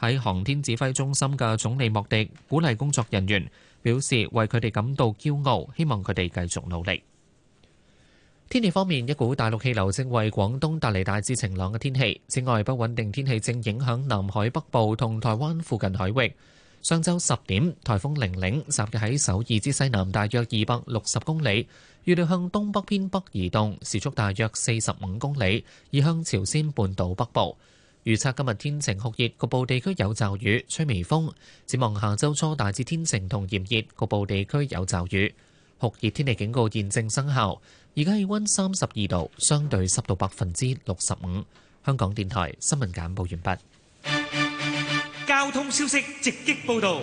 喺航天指揮中心嘅總理莫迪鼓勵工作人員，表示為佢哋感到驕傲，希望佢哋繼續努力。天氣方面，一股大陸氣流正為廣東帶嚟大致晴朗嘅天氣。此外，不穩定天氣正影響南海北部同台灣附近海域。上晝十點，台風玲玲集結喺首爾之西南大約二百六十公里，預料向東北偏北移動，時速大約四十五公里，移向朝鮮半島北部。預測今日天晴酷熱，局部地區有驟雨，吹微風。展望下周初，大致天晴同炎熱，局部地區有驟雨。酷熱天氣警告現正生效。而家氣溫三十二度，相對濕度百分之六十五。香港電台新聞簡報完畢。交通消息直擊報道。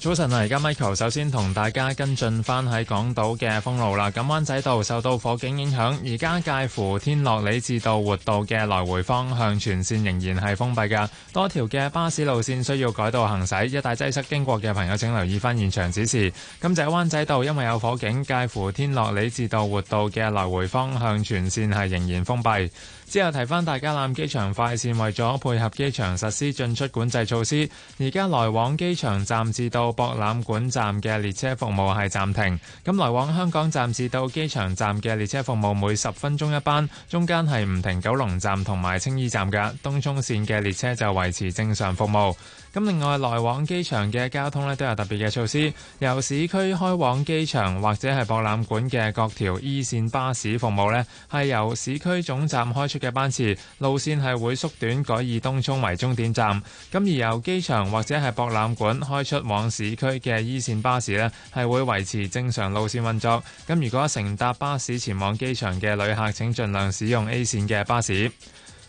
早晨啊，而家 Michael 首先同大家跟進翻喺港島嘅封路啦。咁灣仔道受到火警影響，而家介乎天樂里至道活道嘅來回方向全線仍然係封閉噶。多條嘅巴士路線需要改道行駛，一帶擠塞經過嘅朋友請留意翻現場指示。咁就灣仔道因為有火警，介乎天樂里至道活道嘅來回方向全線係仍然封閉。之後提返大家，南機場快線為咗配合機場實施進出管制措施，而家來往機場站至到博覽館站嘅列車服務係暫停。咁來往香港站至到機場站嘅列車服務每十分鐘一班，中間係唔停九龍站同埋青衣站㗎。東涌線嘅列車就維持正常服務。咁另外來往機場嘅交通咧，都有特別嘅措施，由市區開往機場或者係博覽館嘅各條 E 線巴士服務咧，係由市區總站開出嘅班次，路線係會縮短改以東涌為終點站。咁而由機場或者係博覽館開出往市區嘅 E 線巴士咧，係會維持正常路線運作。咁如果乘搭巴士前往機場嘅旅客請盡量使用 A 線嘅巴士。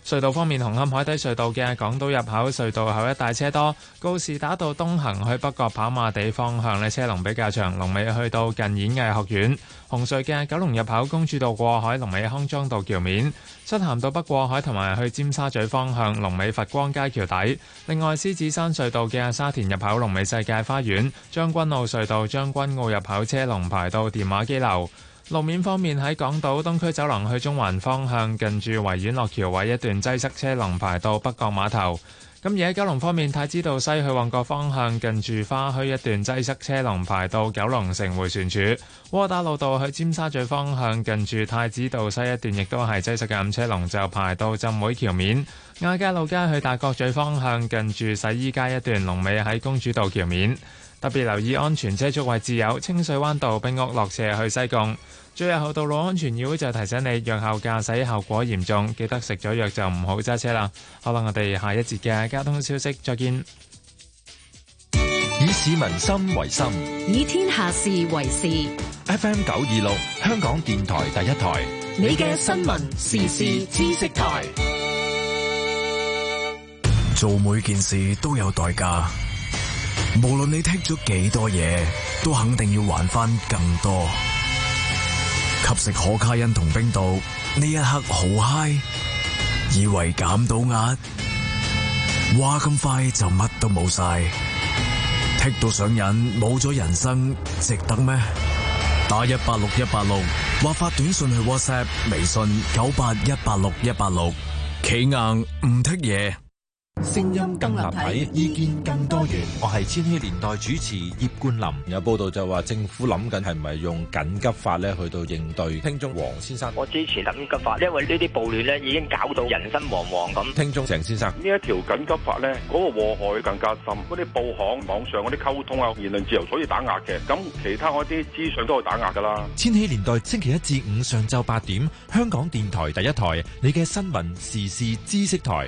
隧道方面，紅磡海底隧道嘅港島入口隧道口一帶車多；告士打道東行去北角跑馬地方向咧，車龍比較長，龍尾去到近演藝學院。紅隧嘅九龍入口公主道過海，龍尾康莊道橋面；漆咸道北過海同埋去尖沙咀方向，龍尾佛光街橋底。另外，獅子山隧道嘅沙田入口，龍尾世界花園；將軍澳隧道將軍澳入口，車龍排到電話機樓。路面方面喺港島東區走廊去中環方向，近住維園落橋位一段擠塞車龍排到北角碼頭。而喺九龍方面，太子道西去旺角方向，近住花墟一段擠塞車龍排到九龍城迴旋處。窩打老道去尖沙咀方向，近住太子道西一段亦都係擠塞暗車龍，就排到浸會橋面。亞皆老街去大角咀方向，近住洗衣街一段龍尾喺公主道橋面。特別留意安全車速位置有清水灣道、兵屋落斜去西貢。最後，道路安全議會就提醒你，藥後駕駛後果嚴重，記得食咗藥就唔好揸車啦。好啦，我哋下一節嘅交通消息，再見。以市民心為心，以天下事為事。FM 九二六，香港電台第一台，你嘅新聞時事知識台。做每件事都有代價，無論你聽咗幾多嘢，都肯定要還翻更多。吸食可卡因同冰毒，呢一刻好嗨，以為減到壓，話咁快就乜都冇晒，剔到上癮，冇咗人生，值得咩？打一八六一八六，或發短信去 WhatsApp、微信九八一八六一八六，企硬唔剔嘢。聲音更立體，立體意見更多元。我係千禧年代主持葉冠霖。有報道就話政府諗緊係唔係用緊急法咧，去到應對。聽眾黃先生，我支持緊急法，因為呢啲暴亂咧已經搞到人心惶惶咁。聽眾鄭先生，呢一條緊急法呢嗰、嗰個禍害更加深。嗰啲報行、網上嗰啲溝通啊，言論自由所以打壓嘅，咁其他嗰啲資訊都可打壓噶啦。千禧年代星期一至五上晝八點，香港電台第一台，你嘅新聞時事知識台。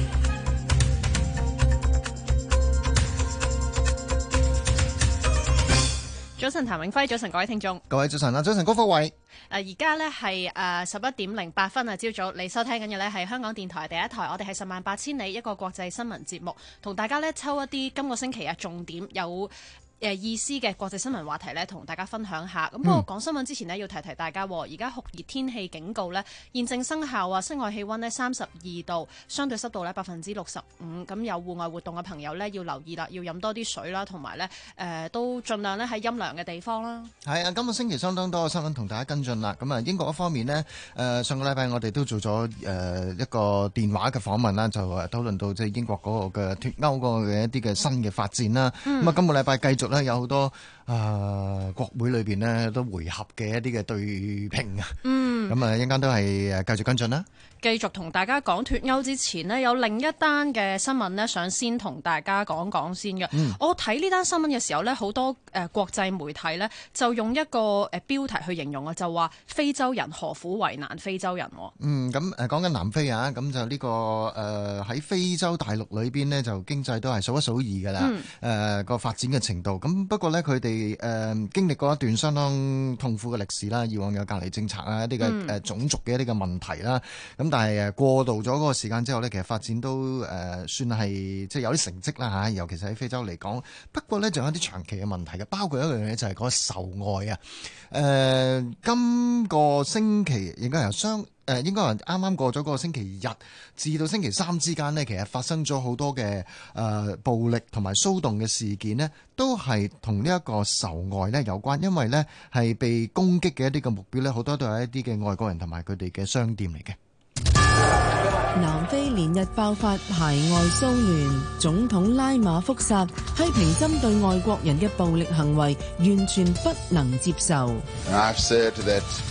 早晨，譚永輝，早晨各位聽眾，各位早晨啊，早晨高福偉，誒而家咧係誒十一點零八分啊，朝早你收聽緊嘅咧係香港電台第一台，我哋係十萬八千里一個國際新聞節目，同大家咧抽一啲今個星期啊重點有。誒意思嘅國際新聞話題呢，同大家分享一下。咁不過我講新聞之前呢，要提提大家。而家酷熱天氣警告呢，現正生效啊！室外氣温呢，三十二度，相對濕度呢，百分之六十五。咁有戶外活動嘅朋友呢，要留意啦，要飲多啲水啦，同埋呢，誒、呃、都儘量呢，喺陰涼嘅地方啦。係啊，今個星期相當多嘅新聞同大家跟進啦。咁啊，英國嗰方面呢，誒、呃、上個禮拜我哋都做咗誒一個電話嘅訪問啦，就討論到即係英國嗰個嘅脱歐嗰嘅一啲嘅新嘅發展啦。咁啊、嗯，今個禮拜繼續。啦，有好多。誒、啊、國會裏面呢都回合嘅一啲嘅對拼啊，嗯，咁啊一陣間都係誒繼續跟進啦，繼續同大家講。脫歐之前呢有另一單嘅新聞呢想先同大家講講先嘅。嗯、我睇呢單新聞嘅時候呢好多誒國際媒體呢就用一個誒標題去形容啊，就話非洲人何苦為難非洲人？嗯，咁誒講緊南非啊，咁就呢、呢個喺、呃、非洲大陸裏邊呢就經濟都係數一數二噶啦，誒個、嗯呃、發展嘅程度。咁不過呢，佢哋誒、嗯，經歷過一段相當痛苦嘅歷史啦，以往有隔離政策啊，一啲嘅誒種族嘅一啲嘅問題啦，咁、嗯、但係誒過渡咗嗰個時間之後咧，其實發展都誒算係即係有啲成績啦吓，尤其是喺非洲嚟講，不過咧仲有啲長期嘅問題嘅，包括一樣嘢就係嗰個仇外啊，誒、呃、今個星期應該由雙。誒、呃，應該話啱啱過咗嗰個星期日至到星期三之間呢，其實發生咗好多嘅、誒、呃、暴力同埋騷動嘅事件呢都係同呢一個仇外呢有關，因為呢係被攻擊嘅一啲嘅目標呢，好多都係一啲嘅外國人同埋佢哋嘅商店嚟嘅。南非連日爆發排外騷亂，總統拉馬福薩批評針對外國人嘅暴力行為完全不能接受。I've said that.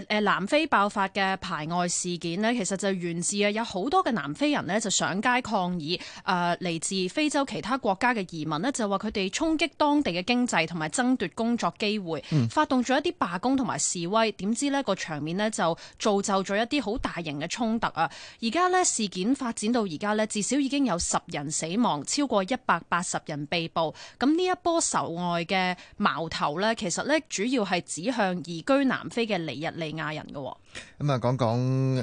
誒南非爆發嘅排外事件呢，其實就源自啊有好多嘅南非人呢就上街抗議，誒、呃、嚟自非洲其他國家嘅移民呢，就話佢哋衝擊當地嘅經濟同埋爭奪工作機會，發動咗一啲罷工同埋示威，點知呢個場面呢，就造就咗一啲好大型嘅衝突啊！而家呢事件發展到而家呢，至少已經有十人死亡，超過一百八十人被捕。咁呢一波仇外嘅矛頭呢，其實呢主要係指向移居南非嘅尼日利亞人嘅咁啊，講講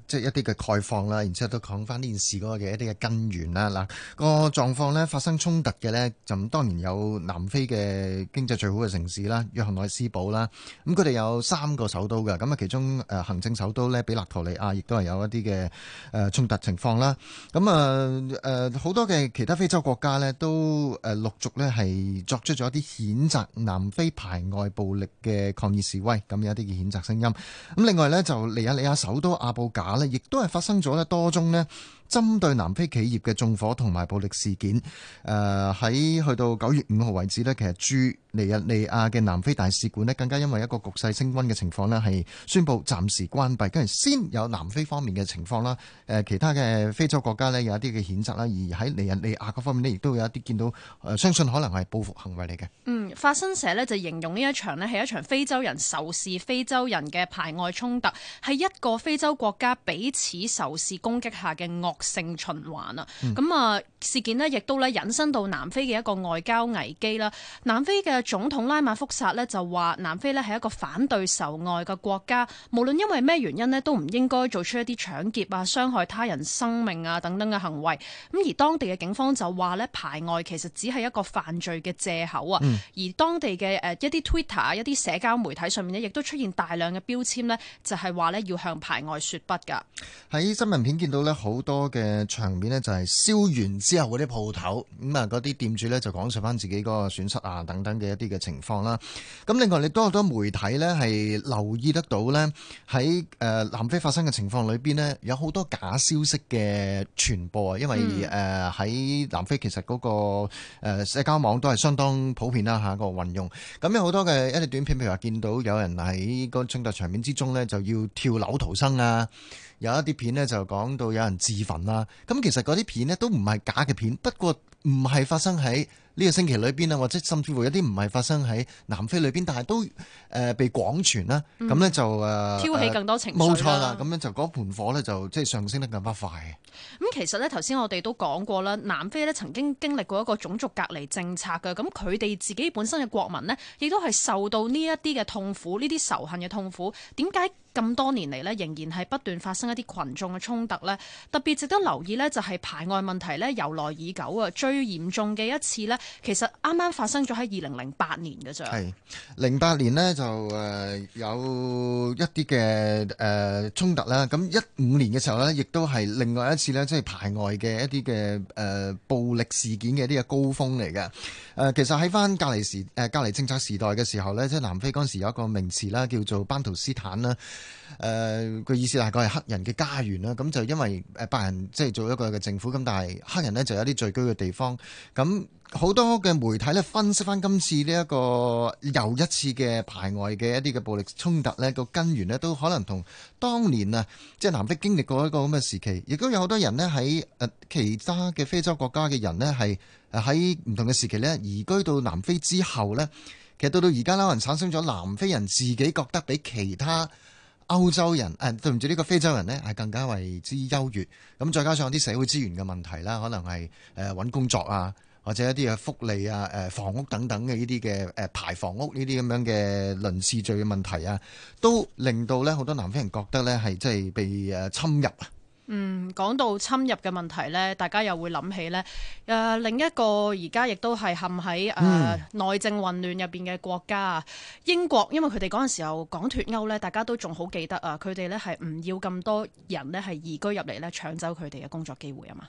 誒，即係一啲嘅概況啦，然之後都講翻呢件事嗰個嘅一啲嘅根源啦。嗱、那，個狀況咧發生衝突嘅咧，就當然有南非嘅經濟最好嘅城市啦，約翰內斯堡啦。咁佢哋有三個首都嘅，咁啊，其中誒行政首都咧，比勒陀利亞亦都係有一啲嘅誒衝突情況啦。咁啊誒，好、呃、多嘅其他非洲國家呢，都誒陸續咧係作出咗一啲譴責南非排外暴力嘅抗議示威，咁有啲嘅譴責。聲音咁，另外咧就尼日利亞首都阿布賈咧，亦都係發生咗咧多宗咧針對南非企業嘅縱火同埋暴力事件。誒、呃，喺去到九月五號為止咧，其實 G。尼日利亞嘅南非大使館咧，更加因為一個局勢升溫嘅情況咧，係宣布暫時關閉。跟住先有南非方面嘅情況啦，誒其他嘅非洲國家咧有一啲嘅譴責啦，而喺尼日利亞嗰方面咧，亦都有一啲見到，誒相信可能係報復行為嚟嘅。嗯，法新社咧就形容呢一場咧係一場非洲人仇視非洲人嘅排外衝突，係一個非洲國家彼此仇視攻擊下嘅惡性循環啊。咁啊、嗯、事件咧亦都咧引申到南非嘅一個外交危機啦，南非嘅。總統拉馬福薩咧就話南非咧係一個反對仇外嘅國家，無論因為咩原因咧，都唔應該做出一啲搶劫啊、傷害他人生命啊等等嘅行為。咁而當地嘅警方就話咧排外其實只係一個犯罪嘅借口啊。嗯、而當地嘅誒一啲 Twitter、一啲社交媒體上面咧，亦都出現大量嘅標籤咧，就係話咧要向排外說不㗎。喺新聞片見到咧好多嘅場面咧，就係燒完之後嗰啲鋪頭，咁啊嗰啲店主咧就講述翻自己嗰個損失啊等等嘅。一啲嘅情況啦，咁另外亦都有好多媒體呢係留意得到呢喺誒南非發生嘅情況裏邊呢，有好多假消息嘅傳播啊，因為誒喺南非其實嗰個社交網都係相當普遍啦嚇個運用，咁有好多嘅一啲短片，譬如話見到有人喺個衝突場面之中呢，就要跳樓逃生啊，有一啲片呢，就講到有人自焚啦，咁其實嗰啲片呢，都唔係假嘅片，不過唔係發生喺呢個星期裏邊啊，或者甚至乎一啲唔係發生喺南非裏邊，但係都誒被廣傳啦。咁呢就誒、嗯啊、挑起更多情緒錯，冇錯啦。咁樣就嗰盤火呢，就即係上升得更加快。咁、嗯、其實呢，頭先我哋都講過啦，南非呢曾經經歷過一個種族隔離政策㗎，咁佢哋自己本身嘅國民呢，亦都係受到呢一啲嘅痛苦，呢啲仇恨嘅痛苦，點解？咁多年嚟呢，仍然係不斷發生一啲群眾嘅衝突呢。特別值得留意呢，就係排外問題呢，由來已久啊。最嚴重嘅一次呢，其實啱啱發生咗喺二零零八年㗎啫。係零八年呢，就有一啲嘅誒衝突啦。咁一五年嘅時候呢，亦都係另外一次呢，即係排外嘅一啲嘅、呃、暴力事件嘅一啲嘅高峰嚟嘅。其實喺翻隔離時誒隔離政策時代嘅時候呢，即係南非嗰陣時有一個名詞啦，叫做班圖斯坦啦。誒，個意思大概係黑人嘅家園啦，咁就因為誒白人即係做一個嘅政府，咁但係黑人呢，就有啲聚居嘅地方，咁好多嘅媒體呢，分析翻今次呢一個又一次嘅排外嘅一啲嘅暴力衝突呢個根源呢，都可能同當年啊，即係南非經歷過一個咁嘅時期，亦都有好多人呢，喺誒其他嘅非洲國家嘅人呢，係誒喺唔同嘅時期呢移居到南非之後呢，其實到到而家啦，可能產生咗南非人自己覺得比其他。歐洲人誒、啊、對唔住呢個非洲人呢係更加為之優越，咁再加上啲社會資源嘅問題啦，可能係誒揾工作啊，或者一啲嘅福利啊、呃、房屋等等嘅呢啲嘅排房屋呢啲咁樣嘅輪次序嘅問題啊，都令到咧好多南非人覺得咧係即係被誒侵入啊。嗯，講到侵入嘅問題呢，大家又會諗起呢誒、呃，另一個而家亦都係陷喺誒內政混亂入邊嘅國家，英國。因為佢哋嗰陣時候講脫歐呢，大家都仲好記得啊。佢哋咧係唔要咁多人咧係移居入嚟咧，搶走佢哋嘅工作機會啊嘛。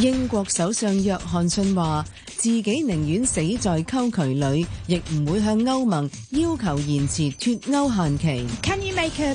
英國首相約翰遜話：自己寧願死在溝渠裏，亦唔會向歐盟要求延遲脫歐限期。Can you make a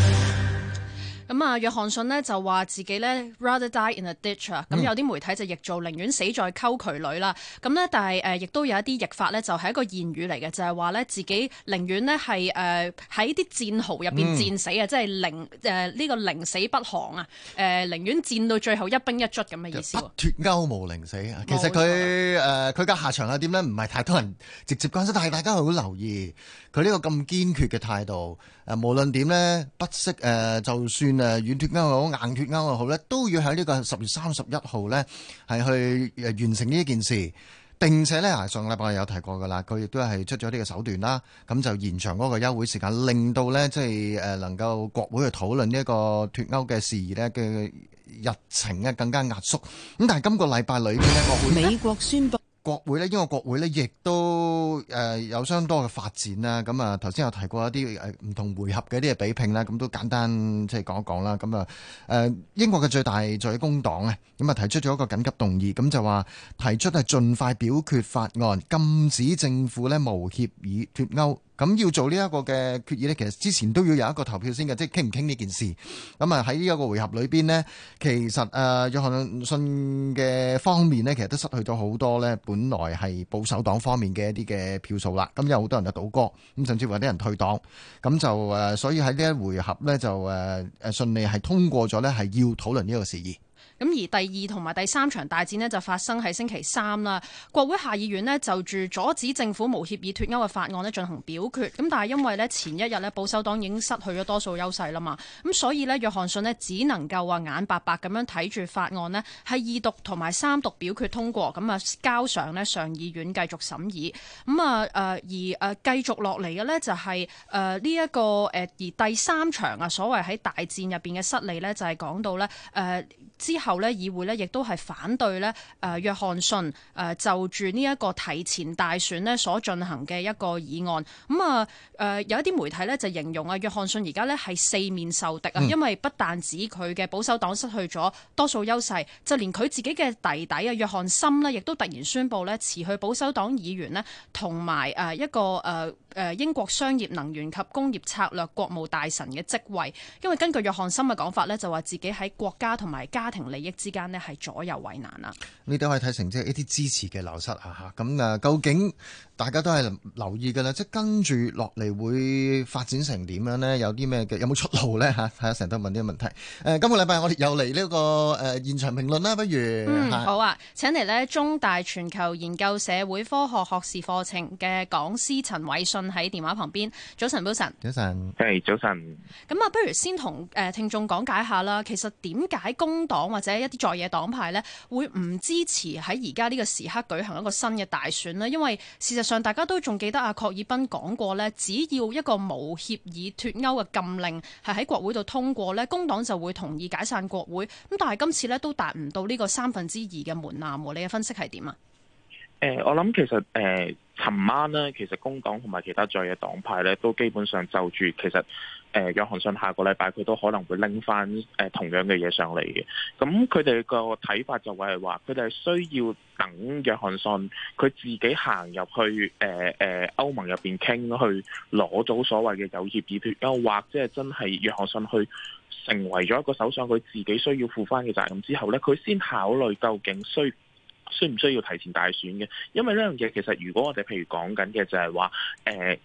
咁啊，約翰遜咧就話自己咧 rather die in a ditch 啊，咁有啲媒體就譯做寧願死在溝渠裏啦。咁咧，但係誒亦都有一啲譯法咧，就係一個諺語嚟嘅，就係話咧自己寧願咧係誒喺啲戰壕入邊戰死啊，嗯、即係寧誒呢、呃這個寧死不降啊，誒寧願戰到最後一兵一卒咁嘅意思。不脫歐冇寧死啊！其實佢誒佢嘅下場係點咧？唔係太多人直接關心，但係大家好留意佢呢個咁堅決嘅態度。誒、呃、無論點咧，不惜誒、呃、就算。誒，軟脱歐又好，硬脱歐又好咧，都要喺呢個十月三十一號咧，係去誒完成呢一件事。並且咧，啊上禮拜有提過噶啦，佢亦都係出咗呢個手段啦。咁就延長嗰個休會時間，令到咧即係誒能夠國會去討論呢一個脱歐嘅事宜咧嘅日程咧更加壓縮。咁但係今個禮拜裏面，美國宣布。國會呢，英國國會呢亦都誒有相當嘅發展啦。咁啊，頭先有提過一啲誒唔同回合嘅一啲嘅比拼啦。咁都簡單即係講一講啦。咁啊誒英國嘅最大在工黨呢，咁啊提出咗一個緊急動議，咁就話提出係盡快表決法案，禁止政府呢無協議脱歐。咁要做呢一個嘅決議呢，其實之前都要有一個投票先嘅，即係傾唔傾呢件事。咁啊喺呢一個回合裏邊呢，其實誒約翰遜嘅方面呢，其實都失去咗好多呢，本來係保守黨方面嘅一啲嘅票數啦。咁有好多人就倒戈，咁甚至話啲人退黨。咁就誒，所以喺呢一回合呢，就誒誒順利係通過咗呢，係要討論呢個事宜。咁而第二同埋第三場大戰呢，就發生喺星期三啦。國會下議院呢，就住阻止政府無協議脫歐嘅法案呢進行表決。咁但係因為呢，前一日呢，保守黨已經失去咗多數優勢啦嘛，咁所以呢，約翰遜呢，只能夠話眼白白咁樣睇住法案呢，喺二讀同埋三讀表決通過，咁啊交上呢，上議院繼續審議。咁啊而誒繼續落嚟嘅呢，就係誒呢一個誒而第三場啊所謂喺大戰入面嘅失利呢，就係講到呢。之後呢，議會呢亦都係反對呢約翰遜誒就住呢一個提前大選呢所進行嘅一個議案。咁啊誒，有一啲媒體呢就形容啊，約翰遜而家呢係四面受敵啊，因為不但止佢嘅保守黨失去咗多數優勢，就連佢自己嘅弟弟啊約翰森呢亦都突然宣布呢辭去保守黨議員呢，同埋誒一個誒誒英國商業能源及工業策略國務大臣嘅職位。因為根據約翰森嘅講法呢，就話自己喺國家同埋家庭庭利益之間呢係左右為難啊。呢都可以睇成即係一啲支持嘅流失啊！吓，咁誒，究竟大家都係留意嘅咧，即係跟住落嚟會發展成點樣呢？有啲咩嘅有冇出路咧？吓，睇下成日都問啲問題。誒、呃，今個禮拜我哋又嚟呢、這個誒、呃、現場評論啦，不如、嗯、好啊，請嚟呢中大全球研究社會科學學士課程嘅講師陳偉信喺電話旁邊。早晨，早晨，早晨，即係早晨。咁啊，不如先同誒聽眾講解下啦。其實點解工黨？黨或者一啲在野黨派呢，會唔支持喺而家呢個時刻舉行一個新嘅大選呢？因為事實上，大家都仲記得阿郝爾彬講過呢，只要一個無協議脫歐嘅禁令係喺國會度通過呢，工黨就會同意解散國會。咁但係今次呢，都達唔到呢個三分之二嘅門檻。你嘅分析係點啊？誒，我諗其實誒，尋、呃、晚咧，其實工黨同埋其他在野黨派咧，都基本上就住其實誒，約翰遜下個禮拜佢都可能會拎翻誒同樣嘅嘢上嚟嘅。咁佢哋個睇法就係、是、話，佢哋係需要等約翰遜佢自己行入去誒誒、呃呃、歐盟入邊傾，去攞到所謂嘅有協議脫歐，又或者係真係約翰遜去成為咗一個首相，佢自己需要負翻嘅責任之後咧，佢先考慮究竟需需唔需要提前大選嘅？因為呢樣嘢其實，如果我哋譬如講緊嘅就係話，誒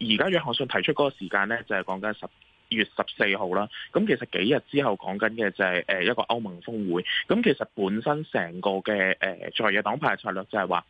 而家約翰遜提出嗰個時間呢，就係講緊十月十四號啦。咁其實幾日之後講緊嘅就係誒一個歐盟峰會。咁其實本身成個嘅誒、呃、在野黨派嘅策略就係話，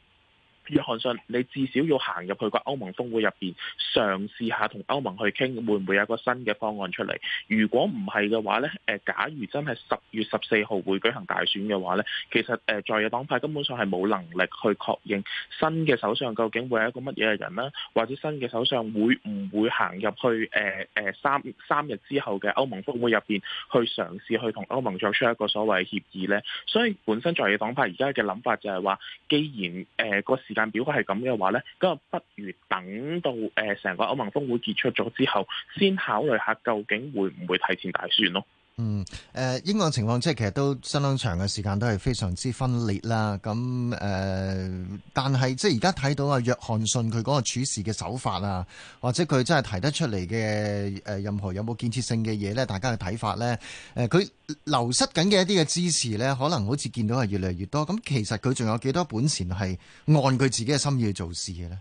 約翰遜，你至少要行入去個歐盟峰會入面，嘗試下同歐盟去傾，會唔會有一個新嘅方案出嚟？如果唔係嘅話呢，假如真係十月十四號會舉行大選嘅話呢，其實在野黨派根本上係冇能力去確認新嘅首相究竟會係一個乜嘢嘅人啦，或者新嘅首相會唔會行入去、呃、三三日之後嘅歐盟峰會入面去嘗試去同歐盟作出一個所謂的協議呢。所以本身在野黨派而家嘅諗法就係話，既然誒個。呃時間表係咁嘅話呢，咁啊不如等到誒成個歐盟峰會結束咗之後，先考慮下究竟會唔會提前大選咯。嗯，誒，英國情況即係其實都相當長嘅時間，都係非常之分裂啦。咁誒、呃，但係即係而家睇到啊，約翰遜佢嗰個處事嘅手法啊，或者佢真係提得出嚟嘅誒，任何有冇建設性嘅嘢咧？大家嘅睇法咧，誒，佢流失緊嘅一啲嘅支持咧，可能好似見到係越嚟越多。咁其實佢仲有幾多本錢係按佢自己嘅心意去做事嘅咧？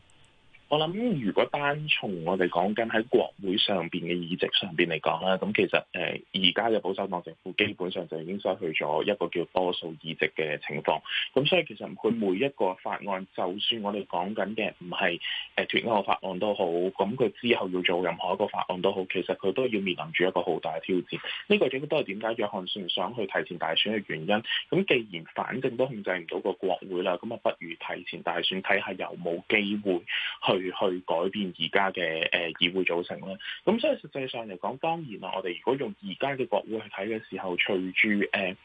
我諗，如果單從我哋講緊喺國會上邊嘅議席上邊嚟講啦，咁其實誒而家嘅保守黨政府基本上就已經失去咗一個叫多數議席嘅情況。咁所以其實佢每一個法案，就算我哋講緊嘅唔係誒脱歐法案都好，咁佢之後要做任何一個法案都好，其實佢都要面臨住一個好大嘅挑戰。呢個主要都係點解約翰遜想去提前大選嘅原因。咁既然反正都控制唔到個國會啦，咁啊不如提前大選睇下有冇機會去。去改變而家嘅誒議會組成啦，咁所以實際上嚟講，當然啊，我哋如果用而家嘅國會去睇嘅時候，隨住誒、呃、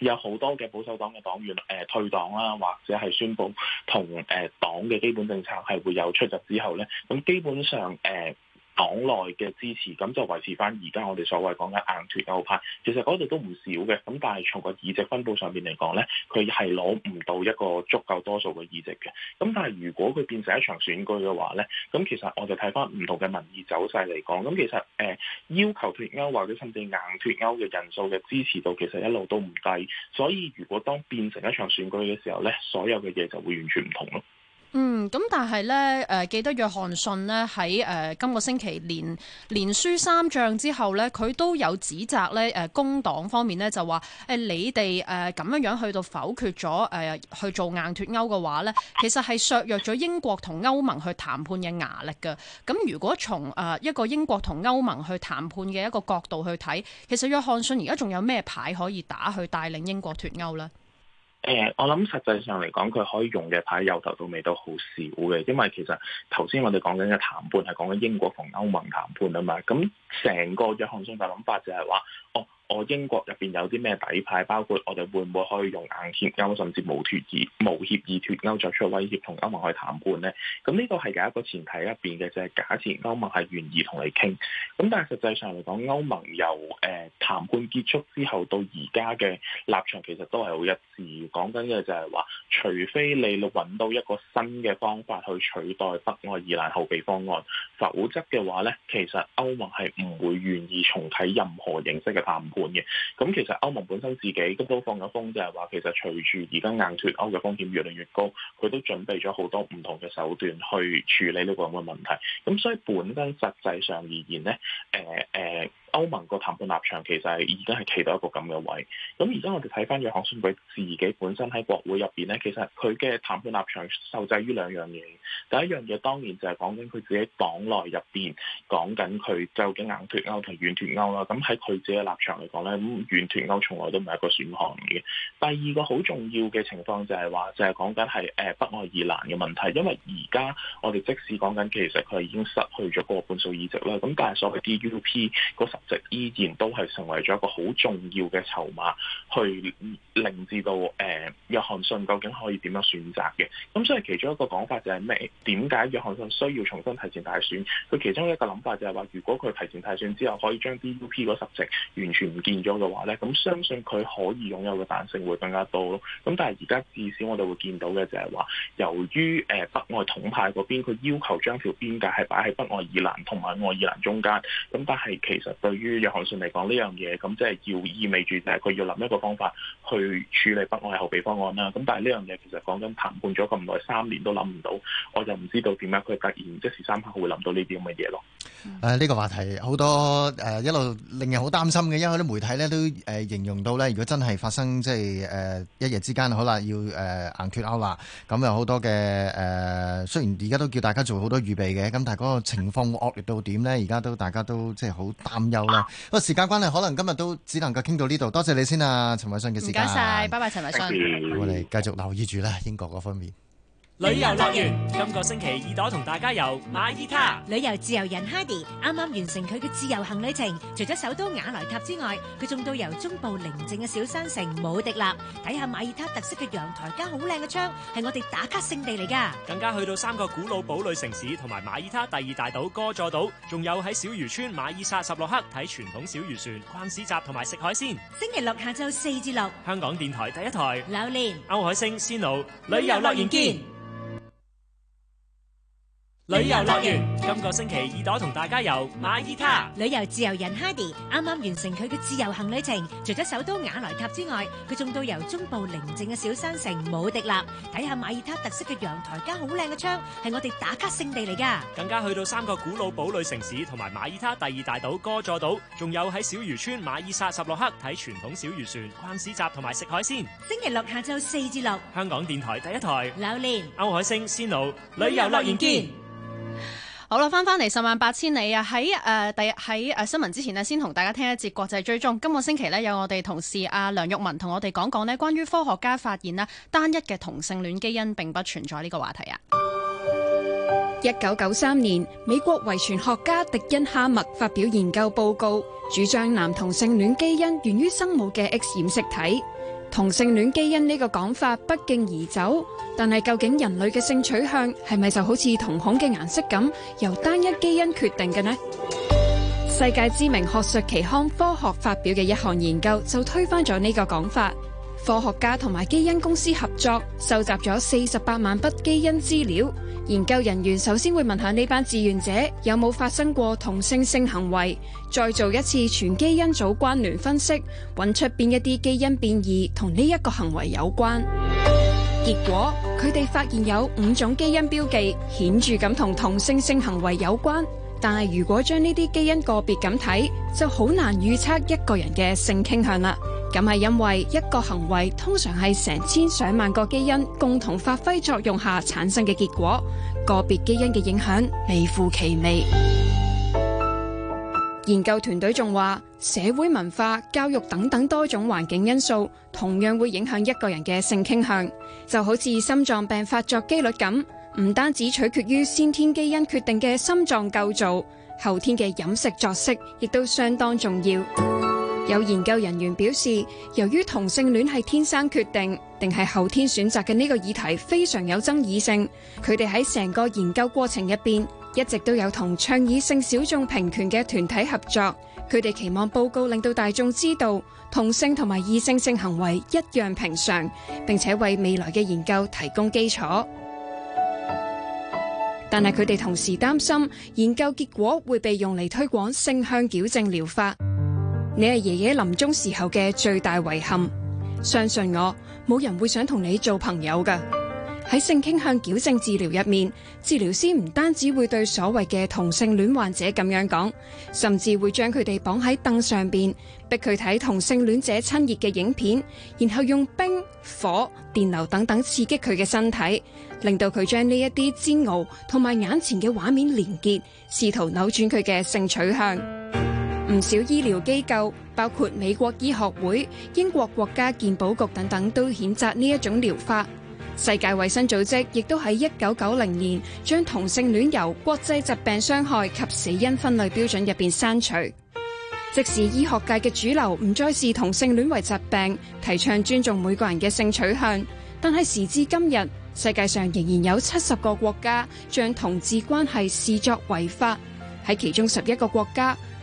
有好多嘅保守黨嘅黨員誒、呃、退黨啦、啊，或者係宣布同誒、呃、黨嘅基本政策係會有出入之後咧，咁基本上誒。呃黨內嘅支持，咁就維持翻而家我哋所謂講嘅硬脱歐派，其實嗰度都唔少嘅。咁但係從個議席分布上面嚟講咧，佢係攞唔到一個足夠多數嘅議席嘅。咁但係如果佢變成一場選舉嘅話咧，咁其實我就睇翻唔同嘅民意走勢嚟講，咁其實、呃、要求脱歐或者甚至硬脱歐嘅人數嘅支持度其實一路都唔低。所以如果當變成一場選舉嘅時候咧，所有嘅嘢就會完全唔同咯。嗯，咁但係咧，誒、呃、記得約翰遜呢，喺誒、呃、今個星期連連輸三仗之後咧，佢都有指責咧，誒、呃、工黨方面咧就話，誒、呃、你哋誒咁樣樣去到否決咗誒、呃、去做硬脱歐嘅話咧，其實係削弱咗英國同歐盟去談判嘅壓力嘅。咁如果從誒、呃、一個英國同歐盟去談判嘅一個角度去睇，其實約翰遜而家仲有咩牌可以打去帶領英國脱歐咧？誒、欸，我諗實際上嚟講，佢可以用嘅牌由頭到尾都好少嘅，因為其實頭先我哋講緊嘅談判係講緊英國同歐盟談判啊嘛，咁成個約翰遜大諗法就係話，我、哦。我英國入面有啲咩底牌，包括我哋會唔會可以用硬脱歐，甚至無脱議無協議脱歐作出威脅，同歐盟去談判呢？咁呢個係有一個前提入面嘅，就係、是、假設歐盟係願意同你傾。咁但係實際上嚟講，歐盟由誒、呃、談判結束之後到而家嘅立場，其實都係好一致。講緊嘅就係話，除非你揾到一個新嘅方法去取代北愛爾蘭後備方案，否則嘅話呢，其實歐盟係唔會願意重啟任何形式嘅談判。管嘅，咁其實歐盟本身自己都放咗風，就係話其實隨住而家硬脱歐嘅風險越嚟越高，佢都準備咗好多唔同嘅手段去處理呢個咁嘅問題。咁所以本身實際上而言咧，誒、呃、誒。呃歐盟個談判立場其實係而家係企到一個咁嘅位置，咁而家我哋睇翻咗約翰遜自己本身喺國會入邊咧，其實佢嘅談判立場受制於兩樣嘢。第一樣嘢當然就係講緊佢自己黨內入邊講緊佢究竟硬脱歐同軟脱歐啦。咁喺佢自己嘅立場嚟講咧，咁軟脱歐從來都唔係一個選項嚟嘅。第二個好重要嘅情況就係話就係、是、講緊係誒北愛爾蘭嘅問題，因為而家我哋即使講緊其實佢係已經失去咗個半數議席啦，咁但係所謂啲 DUP 十。依然都係成為咗一個好重要嘅籌碼，去令至到誒約翰遜究竟可以點樣選擇嘅。咁所以其中一個講法就係咩？點解約翰遜需要重新提前大選？佢其中一個諗法就係話，如果佢提前大選之後可以將 DUP 嗰十席完全唔見咗嘅話咧，咁相信佢可以擁有嘅彈性會更加多咯。咁但係而家至少我哋會見到嘅就係話，由於誒北愛統派嗰邊佢要求將條邊界係擺喺北愛爾蘭同埋愛爾蘭中間，咁但係其實對。對於約翰遜嚟講呢樣嘢，咁即係要意味住就係佢要諗一個方法去處理不外後備方案啦。咁但係呢樣嘢其實講緊談判咗咁耐三年都諗唔到，我就唔知道點解佢突然一時三刻會諗到呢啲咁嘅嘢咯。誒呢、嗯啊呢個話題好多誒、呃、一路令人好擔心嘅，因為啲媒體咧都誒、呃、形容到咧，如果真係發生即係誒、呃、一夜之間好啦，要誒、呃、硬脫歐啦，咁有好多嘅誒、呃，雖然而家都叫大家做好多預備嘅，咁但係嗰個情況惡劣到點咧？而家都大家都即係好擔憂。好啦，不過時間關係，可能今日都只能夠傾到呢度。多謝你先啊，陳偉信嘅時間。唔該曬，拜拜，陳偉信。謝謝。我哋繼續留意住啦，英國嗰方面。旅遊樂園今個星期耳朵同大家遊馬耳他。旅遊自由人哈迪啱啱完成佢嘅自由行旅程，除咗首都瓦萊塔之外，佢仲到遊中部寧靜嘅小山城姆迪納，睇下馬耳他特色嘅陽台間好靚嘅窗，係我哋打卡勝地嚟噶。更加去到三個古老堡壘城市，同埋馬耳他第二大島哥佐島，仲有喺小漁村馬爾薩什洛克睇傳統小漁船、逛市集同埋食海鮮。星期六下晝四至六，香港電台第一台。柳蓮、歐海星、仙奴，旅遊樂園見。旅遊樂園今個星期耳朵同大家遊馬耳他。旅遊自由人哈迪啱啱完成佢嘅自由行旅程，除咗首都瓦萊塔之外，佢仲到遊中部寧靜嘅小山城姆迪納，睇下馬耳他特色嘅陽台加好靚嘅窗，係我哋打卡勝地嚟噶。更加去到三個古老堡壘城市同埋馬耳他第二大島哥佐島，仲有喺小漁村馬爾薩什洛克睇傳統小漁船、逛市集同埋食海鮮。星期六下晝四至六，香港電台第一台。柳蓮、歐海星、思露，旅遊樂園見。好啦，翻翻嚟十萬八千里啊！喺誒第喺誒新聞之前呢，先同大家聽一節國際追蹤。今個星期呢，有我哋同事阿梁玉文同我哋講講呢關於科學家發現咧單一嘅同性戀基因並不存在呢個話題啊！一九九三年，美國遺傳學家迪恩哈默發表研究報告，主張男同性戀基因源於生母嘅 X 染色體。同性戀基因呢個講法不脛而走，但係究竟人類嘅性取向係咪就好似瞳孔嘅顏色咁，由單一基因決定嘅呢？世界知名學術期刊《科學》發表嘅一項研究就推翻咗呢個講法。科學家同埋基因公司合作，收集咗四十八萬筆基因資料。研究人員首先會問下呢班志願者有冇發生過同性性行為，再做一次全基因組關聯分析，揾出邊一啲基因變異同呢一個行為有關。結果佢哋發現有五種基因標記顯著咁同同性性行為有關，但係如果將呢啲基因個別咁睇，就好難預測一個人嘅性傾向啦。咁係因為一個行為通常係成千上萬個基因共同發揮作用下產生嘅結果，個別基因嘅影響微乎其微。研究團隊仲話，社會文化、教育等等多種環境因素同樣會影響一個人嘅性傾向，就好似心臟病發作機率咁，唔單止取決於先天基因決定嘅心臟構造，後天嘅飲食作息亦都相當重要。有研究人員表示，由於同性戀係天生決定定係後天選擇嘅呢個議題非常有爭議性，佢哋喺成個研究過程入邊一直都有同倡議性小眾平權嘅團體合作。佢哋期望報告令到大眾知道同性同埋異性性行為一樣平常，並且為未來嘅研究提供基礎。但係佢哋同時擔心研究結果會被用嚟推廣性向矯正療法。你係爺爺臨終時候嘅最大遺憾。相信我，冇人會想同你做朋友㗎。喺性傾向矯正治療入面，治療師唔單止會對所謂嘅同性戀患者咁樣講，甚至會將佢哋綁喺凳上邊，逼佢睇同性戀者親熱嘅影片，然後用冰、火、電流等等刺激佢嘅身體，令到佢將呢一啲煎熬同埋眼前嘅畫面連結，試圖扭轉佢嘅性取向。唔少醫療機構，包括美國醫學會、英國國家健保局等等，都譴責呢一種療法。世界衛生組織亦都喺一九九零年將同性戀由國際疾病傷害及死因分類標準入邊刪除。即使醫學界嘅主流唔再視同性戀為疾病，提倡尊重每個人嘅性取向，但係時至今日，世界上仍然有七十個國家將同志關係視作違法。喺其中十一個國家。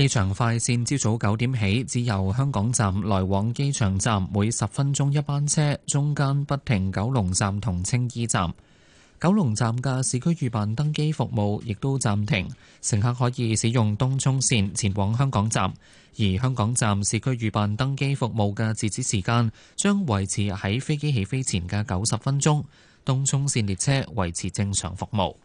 機場快線朝早九點起只由香港站來往機場站，每十分鐘一班車，中間不停九龍站同青衣站。九龍站嘅市區預辦登機服務亦都暫停，乘客可以使用東涌線前往香港站。而香港站市區預辦登機服務嘅截止時間將維持喺飛機起飛前嘅九十分鐘。東涌線列車維持正常服務。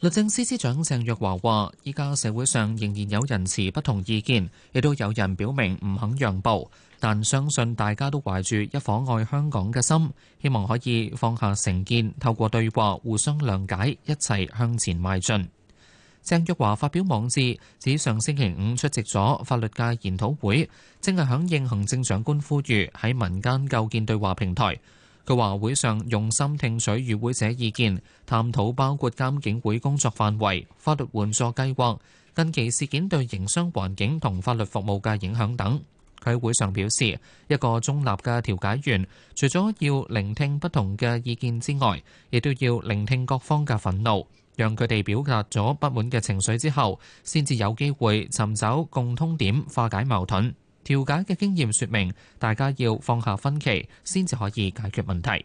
律政司司長鄭若驊話，依家社會上仍然有人持不同意見，亦都有人表明唔肯讓步，但相信大家都懷住一顆愛香港嘅心，希望可以放下成見，透過對話互相諒解，一齊向前邁進。鄭若驊發表網誌，指上星期五出席咗法律界研討會，正係響應行政長官呼籲，喺民間構建對話平台。佢話：會上用心聽取與會者意見，探討包括監警會工作範圍、法律援助計劃、近期事件對營商環境同法律服務嘅影響等。佢喺會上表示，一個中立嘅調解員，除咗要聆聽不同嘅意見之外，亦都要聆聽各方嘅憤怒，讓佢哋表達咗不滿嘅情緒之後，先至有機會尋找共通點，化解矛盾。調解嘅經驗說明，大家要放下分歧，先至可以解決問題。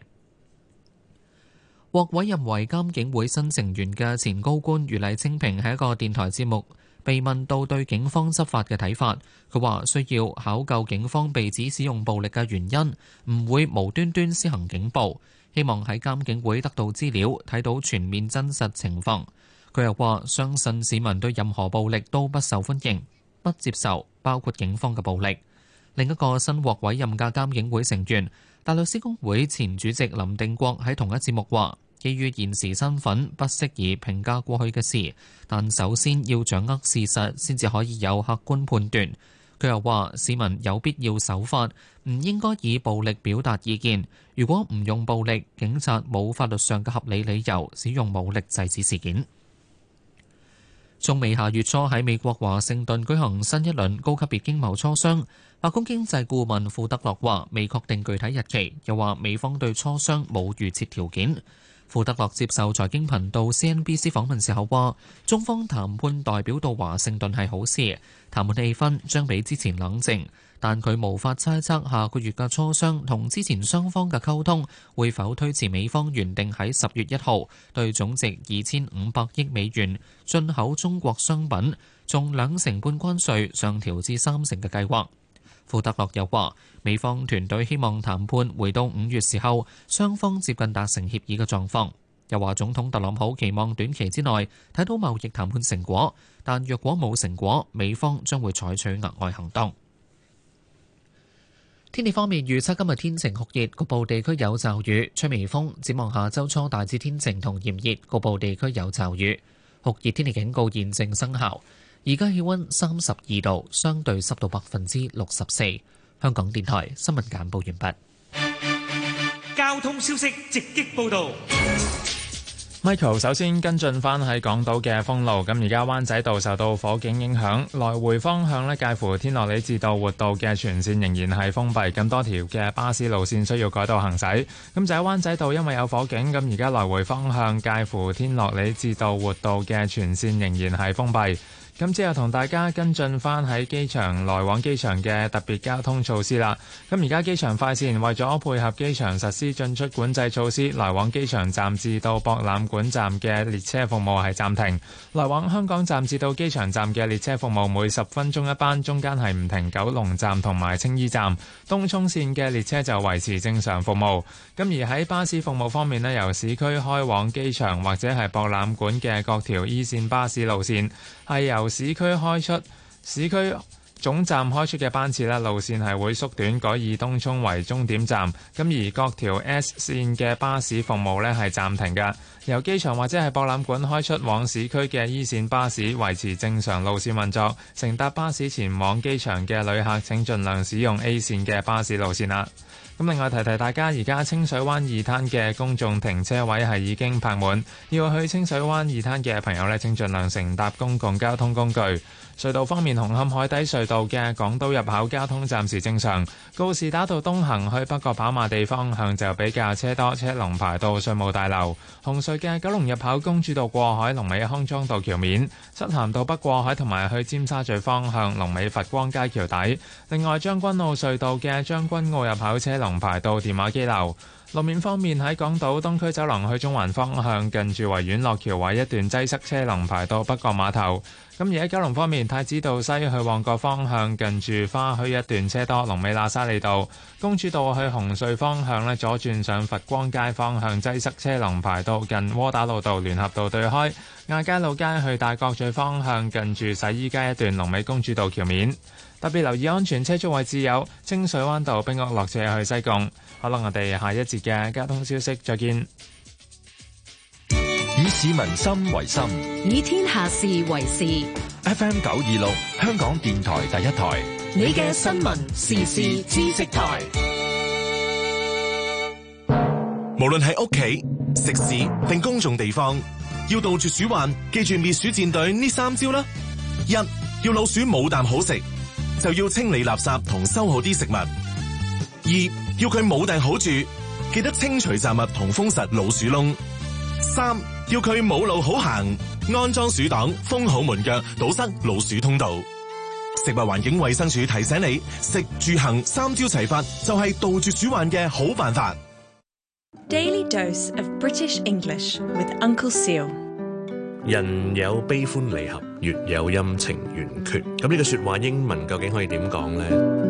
獲委任為監警會新成員嘅前高官余黎青萍喺一個電台節目，被問到對警方執法嘅睇法，佢話需要考究警方被指使用暴力嘅原因，唔會無端端施行警暴，希望喺監警會得到資料，睇到全面真實情況。佢又話，相信市民對任何暴力都不受歡迎。不接受包括警方嘅暴力。另一個新獲委任嘅監警會成員，大律師公會前主席林定國喺同一節目話，基於現時身份，不適宜評價過去嘅事，但首先要掌握事實先至可以有客觀判斷，佢又話市民有必要守法，唔應該以暴力表達意見，如果唔用暴力，警察冇法律上嘅合理理由使用武力制止事件。中美下月初喺美國華盛頓舉行新一輪高級別經貿磋商，白宮經濟顧問庫德洛話未確定具體日期，又話美方對磋商冇預設條件。庫德洛接受財經頻道 CNBC 訪問時候話，中方談判代表到華盛頓係好事，談判氣氛將比之前冷靜。但佢無法猜測下個月嘅磋商同之前雙方嘅溝通會否推遲，美方原定喺十月一號對總值二千五百億美元進口中國商品，從兩成半關稅上調至三成嘅計劃。富德洛又話，美方團隊希望談判回到五月時候，雙方接近達成協議嘅狀況，又話總統特朗普期望短期之內睇到貿易談判成果，但若果冇成果，美方將會採取額外行動。天氣方面預測今日天晴酷熱，局部地區有驟雨，吹微風。展望下周初大致天晴同炎熱，局部地區有驟雨。酷熱天氣警告現正生效。而家氣温三十二度，相對濕度百分之六十四。香港電台新聞簡報完畢。交通消息直擊報道。Michael 首先跟進返喺港島嘅封路，咁而家灣仔道受到火警影響，來回方向呢介乎天樂里至到活道嘅全線仍然係封閉，咁多條嘅巴士路線需要改道行駛。咁就喺灣仔道，因為有火警，咁而家來回方向介乎天樂里至到活道嘅全線仍然係封閉。咁之後同大家跟進返喺機場來往機場嘅特別交通措施啦。咁而家機場快線為咗配合機場實施進出管制措施，來往機場站至到博覽館站嘅列車服務係暫停。來往香港站至到機場站嘅列車服務每十分鐘一班，中間係唔停九龍站同埋青衣站。東涌線嘅列車就維持正常服務。咁而喺巴士服務方面呢，由市區開往機場或者係博覽館嘅各條 E 線巴士路線係由，市區開出，市區總站開出嘅班次呢，路線係會縮短，改以東涌為終點站。咁而各條 S 線嘅巴士服務呢，係暫停㗎。由機場或者係博覽館開出往市區嘅 E 線巴士維持正常路線運作。乘搭巴士前往機場嘅旅客請盡量使用 A 線嘅巴士路線啦。咁另外提提大家，而家清水灣二灘嘅公眾停車位係已經泊滿，要去清水灣二灘嘅朋友咧，請盡量乘搭公共交通工具。隧道方面，紅磡海底隧道嘅港島入口交通暫時正常。告士打道東行去北角跑馬地方向就比較車多，車龍排到稅務大樓。紅隧嘅九龍入口，公主道過海龍尾康莊道橋面，漆咸道北過海同埋去尖沙咀方向龍尾佛光街橋底。另外，將軍澳隧道嘅將軍澳入口車龍排到電話機樓。路面方面，喺港島東區走廊去中環方向，近住維園落橋位一段擠塞，車龍排到北角碼頭。咁而喺九龍方面，太子道西去旺角方向，近住花墟一段車多，龍尾喇沙利道、公主道去紅隧方向左轉上佛光街方向擠塞，車龍排到近窩打路道、聯合道對開。亞皆老街去大角咀方向，近住洗衣街一段，龍尾公主道橋面。特別留意安全車速位置，有清水灣道、兵鶴落斜去西貢。好啦，我哋下一節嘅交通消息再見。以市民心為心，以天下事為事。F M 九二六，香港電台第一台，你嘅新聞時事知識台。無論喺屋企、食肆定公眾地方，要杜絕鼠患，記住滅鼠戰隊呢三招啦：一要老鼠冇啖好食，就要清理垃圾同收好啲食物。二要佢冇定好住，記得清除雜物同封實老鼠窿。三要佢冇路好行，安裝鼠擋，封好門腳，堵塞老鼠通道。食物環境衛生署提醒你，食住行三招齊發，就係、是、杜絕鼠患嘅好辦法。Daily dose of British English with Uncle Seal。人有悲歡離合，月有陰晴圓缺。咁呢個說話英文究竟可以點講呢？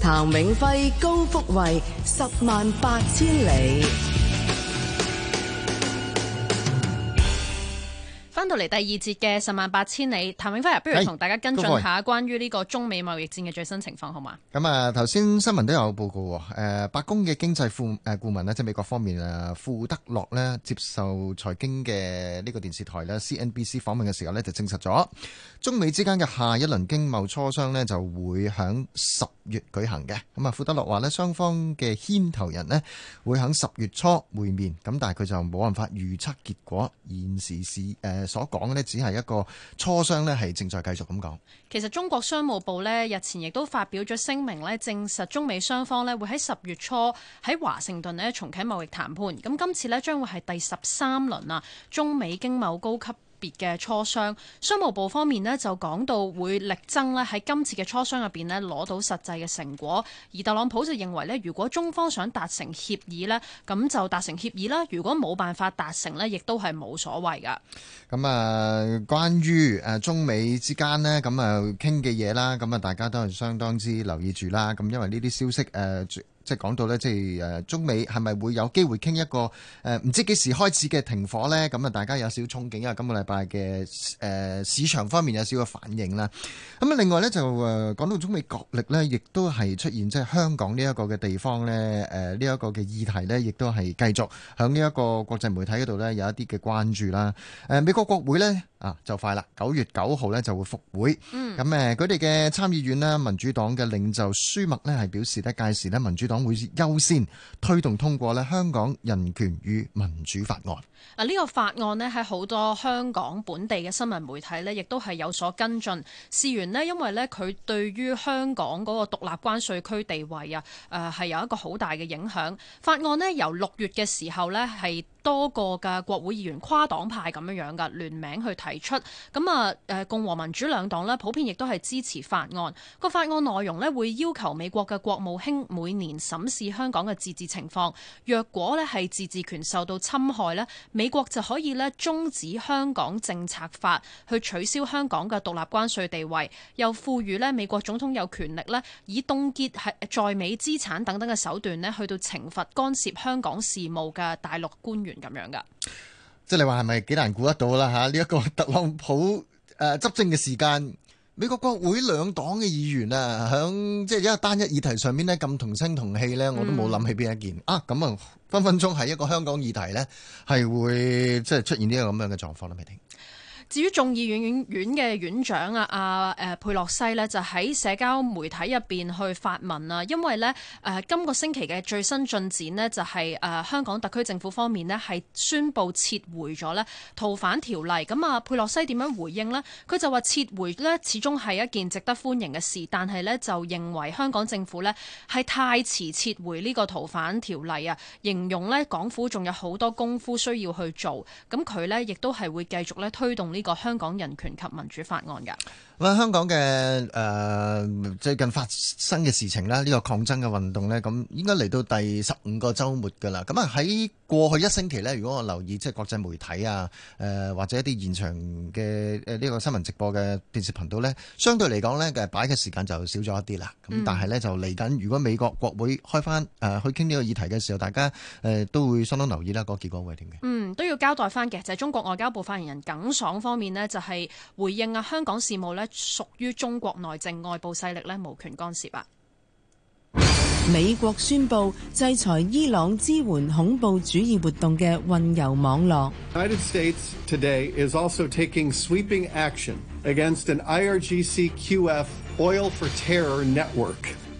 譚永輝高福慧，十萬八千里。嚟第二節嘅十萬八千里，譚永輝，不如同大家跟進下關於呢個中美貿易戰嘅最新情況，好嗎？咁啊，頭先新聞都有報告，誒，白宮嘅經濟顧誒顧問呢，即係美國方面啊，庫德洛呢，接受財經嘅呢個電視台呢 CNBC 訪問嘅時候呢，就證實咗中美之間嘅下一輪經貿磋商呢，就會喺十月舉行嘅。咁啊，庫德洛話呢，雙方嘅牽頭人呢，會喺十月初會面，咁但係佢就冇辦法預測結果。現時是誒所。講咧只係一個磋商咧，係正在繼續咁講。其實中國商務部咧日前亦都發表咗聲明咧，證實中美雙方咧會喺十月初喺華盛頓咧重啟貿易談判。咁今次咧將會係第十三輪啊中美經貿高級。嘅磋商，商務部方面呢就講到會力爭呢喺今次嘅磋商入邊呢攞到實際嘅成果，而特朗普就認為呢，如果中方想達成協議呢，咁就達成協議啦；如果冇辦法達成呢，亦都係冇所謂噶。咁啊、呃，關於誒中美之間呢，咁啊傾嘅嘢啦，咁啊大家都係相當之留意住啦。咁因為呢啲消息誒。呃即係講到咧，即係誒中美係咪會有機會傾一個誒唔知幾時開始嘅停火咧？咁啊，大家有少少憧憬啊！今個禮拜嘅誒市場方面有少少反應啦。咁啊，另外咧就誒講到中美角力咧，亦都係出現即係香港呢一個嘅地方咧，誒呢一個嘅議題咧，亦都係繼續響呢一個國際媒體嗰度咧有一啲嘅關注啦。誒美國國會咧。啊，就快啦！九月九號呢就會復會。咁誒、嗯，佢哋嘅參議院呢，民主黨嘅領袖舒默呢係表示呢，屆時呢，民主黨會優先推動通過呢香港人權與民主法案。嗱，呢、啊呢個法案呢，喺好多香港本地嘅新聞媒體呢，亦都係有所跟進。事源呢，因為呢，佢對於香港嗰個獨立關稅區地位啊，誒係有一個好大嘅影響。法案呢，由六月嘅時候呢，係，多個嘅國會議員跨黨派咁樣樣嘅聯名去提出，咁啊誒共和民主兩黨咧普遍亦都係支持法案。個法案內容咧會要求美國嘅國務卿每年審視香港嘅自治情況，若果咧係自治權受到侵害咧，美國就可以咧終止香港政策法，去取消香港嘅獨立關稅地位，又賦予咧美國總統有權力咧以凍結喺在美資產等等嘅手段咧去到懲罰干涉香港事務嘅大陸官員。咁樣噶，即係你話係咪幾難估得到啦吓？呢、這、一個特朗普誒、呃、執政嘅時間，美國國會兩黨嘅議員啊，響即係一個單一議題上面咧咁同聲同氣咧，我都冇諗起邊一件、嗯、啊咁啊分分鐘係一個香港議題咧，係會即係出現呢個咁樣嘅狀況啦，Peter。至於眾議院院嘅院長啊，阿佩洛西呢就喺社交媒體入面去發文啊，因為呢、呃，今個星期嘅最新進展呢、就係，就、呃、係香港特區政府方面呢，係宣布撤回咗呢逃犯條例，咁啊佩洛西點樣回應呢？佢就話撤回呢，始終係一件值得歡迎嘅事，但係呢，就認為香港政府呢，係太遲撤回呢個逃犯條例啊，形容呢，港府仲有好多功夫需要去做，咁佢呢，亦都係會繼續呢推動。呢個香港人權及民主法案㗎。咁香港嘅誒、呃、最近發生嘅事情啦，呢、呢個抗爭嘅運動呢，咁應該嚟到第十五個週末㗎啦。咁啊，喺過去一星期呢，如果我留意即係國際媒體啊、呃，或者一啲現場嘅誒呢個新聞直播嘅電視頻道呢，相對嚟講呢，嘅擺嘅時間就少咗一啲啦。咁、嗯、但係呢，就嚟緊，如果美國國會開翻去傾呢個議題嘅時候，大家都會相當留意啦。個結果會點嘅？嗯，都要交代翻嘅就係、是、中國外交部發言人耿爽。方面呢，就係回應啊，香港事務呢屬於中國內政，外部勢力呢無權干涉啊。美國宣布制裁伊朗支援恐怖主義活動嘅運油網絡。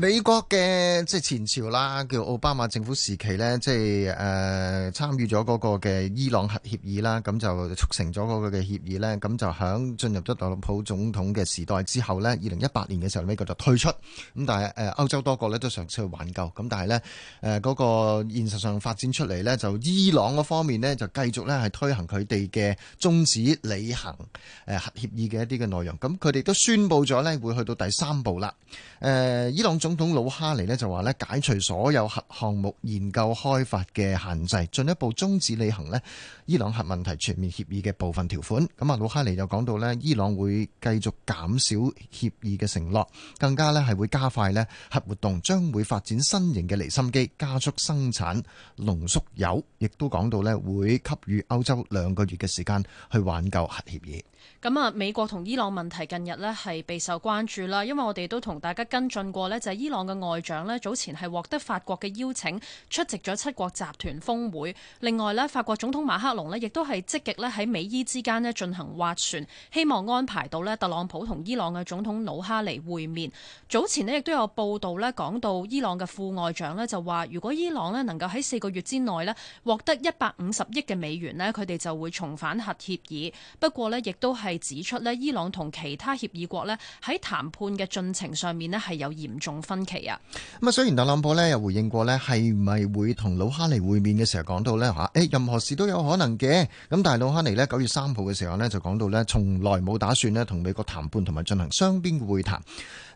美國嘅即係前朝啦，叫奧巴馬政府時期呢，即係誒、呃、參與咗嗰個嘅伊朗核協議啦，咁就促成咗嗰個嘅協議呢，咁就響進入咗特朗普總統嘅時代之後呢，二零一八年嘅時候美國就退出，咁但係誒歐洲多國呢，都嘗試去挽救，咁但係呢，誒嗰個現實上發展出嚟呢，就伊朗嗰方面呢，就繼續呢係推行佢哋嘅終止履行誒核協議嘅一啲嘅內容，咁佢哋都宣布咗呢，會去到第三步啦，誒、呃、伊朗總總統魯哈尼咧就話咧，解除所有核項目研究開發嘅限制，進一步終止履行咧伊朗核問題全面協議嘅部分條款。咁啊，魯哈尼又講到咧，伊朗會繼續減少協議嘅承諾，更加咧係會加快咧核活動，將會發展新型嘅離心機，加速生產濃縮鈾，亦都講到咧會給予歐洲兩個月嘅時間去挽救核協議。咁啊，美國同伊朗問題近日呢係備受關注啦，因為我哋都同大家跟進過呢，就係、是、伊朗嘅外長呢。早前係獲得法國嘅邀請出席咗七國集團峰會。另外呢，法國總統馬克龍呢亦都係積極呢喺美伊之間呢進行斡旋，希望安排到呢特朗普同伊朗嘅總統魯哈尼會面。早前呢亦都有報道呢講到伊朗嘅副外長呢，就話，如果伊朗呢能夠喺四個月之內呢獲得一百五十億嘅美元呢，佢哋就會重返核協議。不過呢亦都都係指出咧，伊朗同其他協議國咧喺談判嘅進程上面咧，係有嚴重分歧啊。咁啊，雖然特朗普咧又回應過咧，係唔係會同魯哈尼會面嘅時候講到咧嚇？誒、欸，任何事都有可能嘅。咁但係魯哈尼咧九月三號嘅時候咧就講到咧，從來冇打算咧同美國談判同埋進行雙邊嘅會談。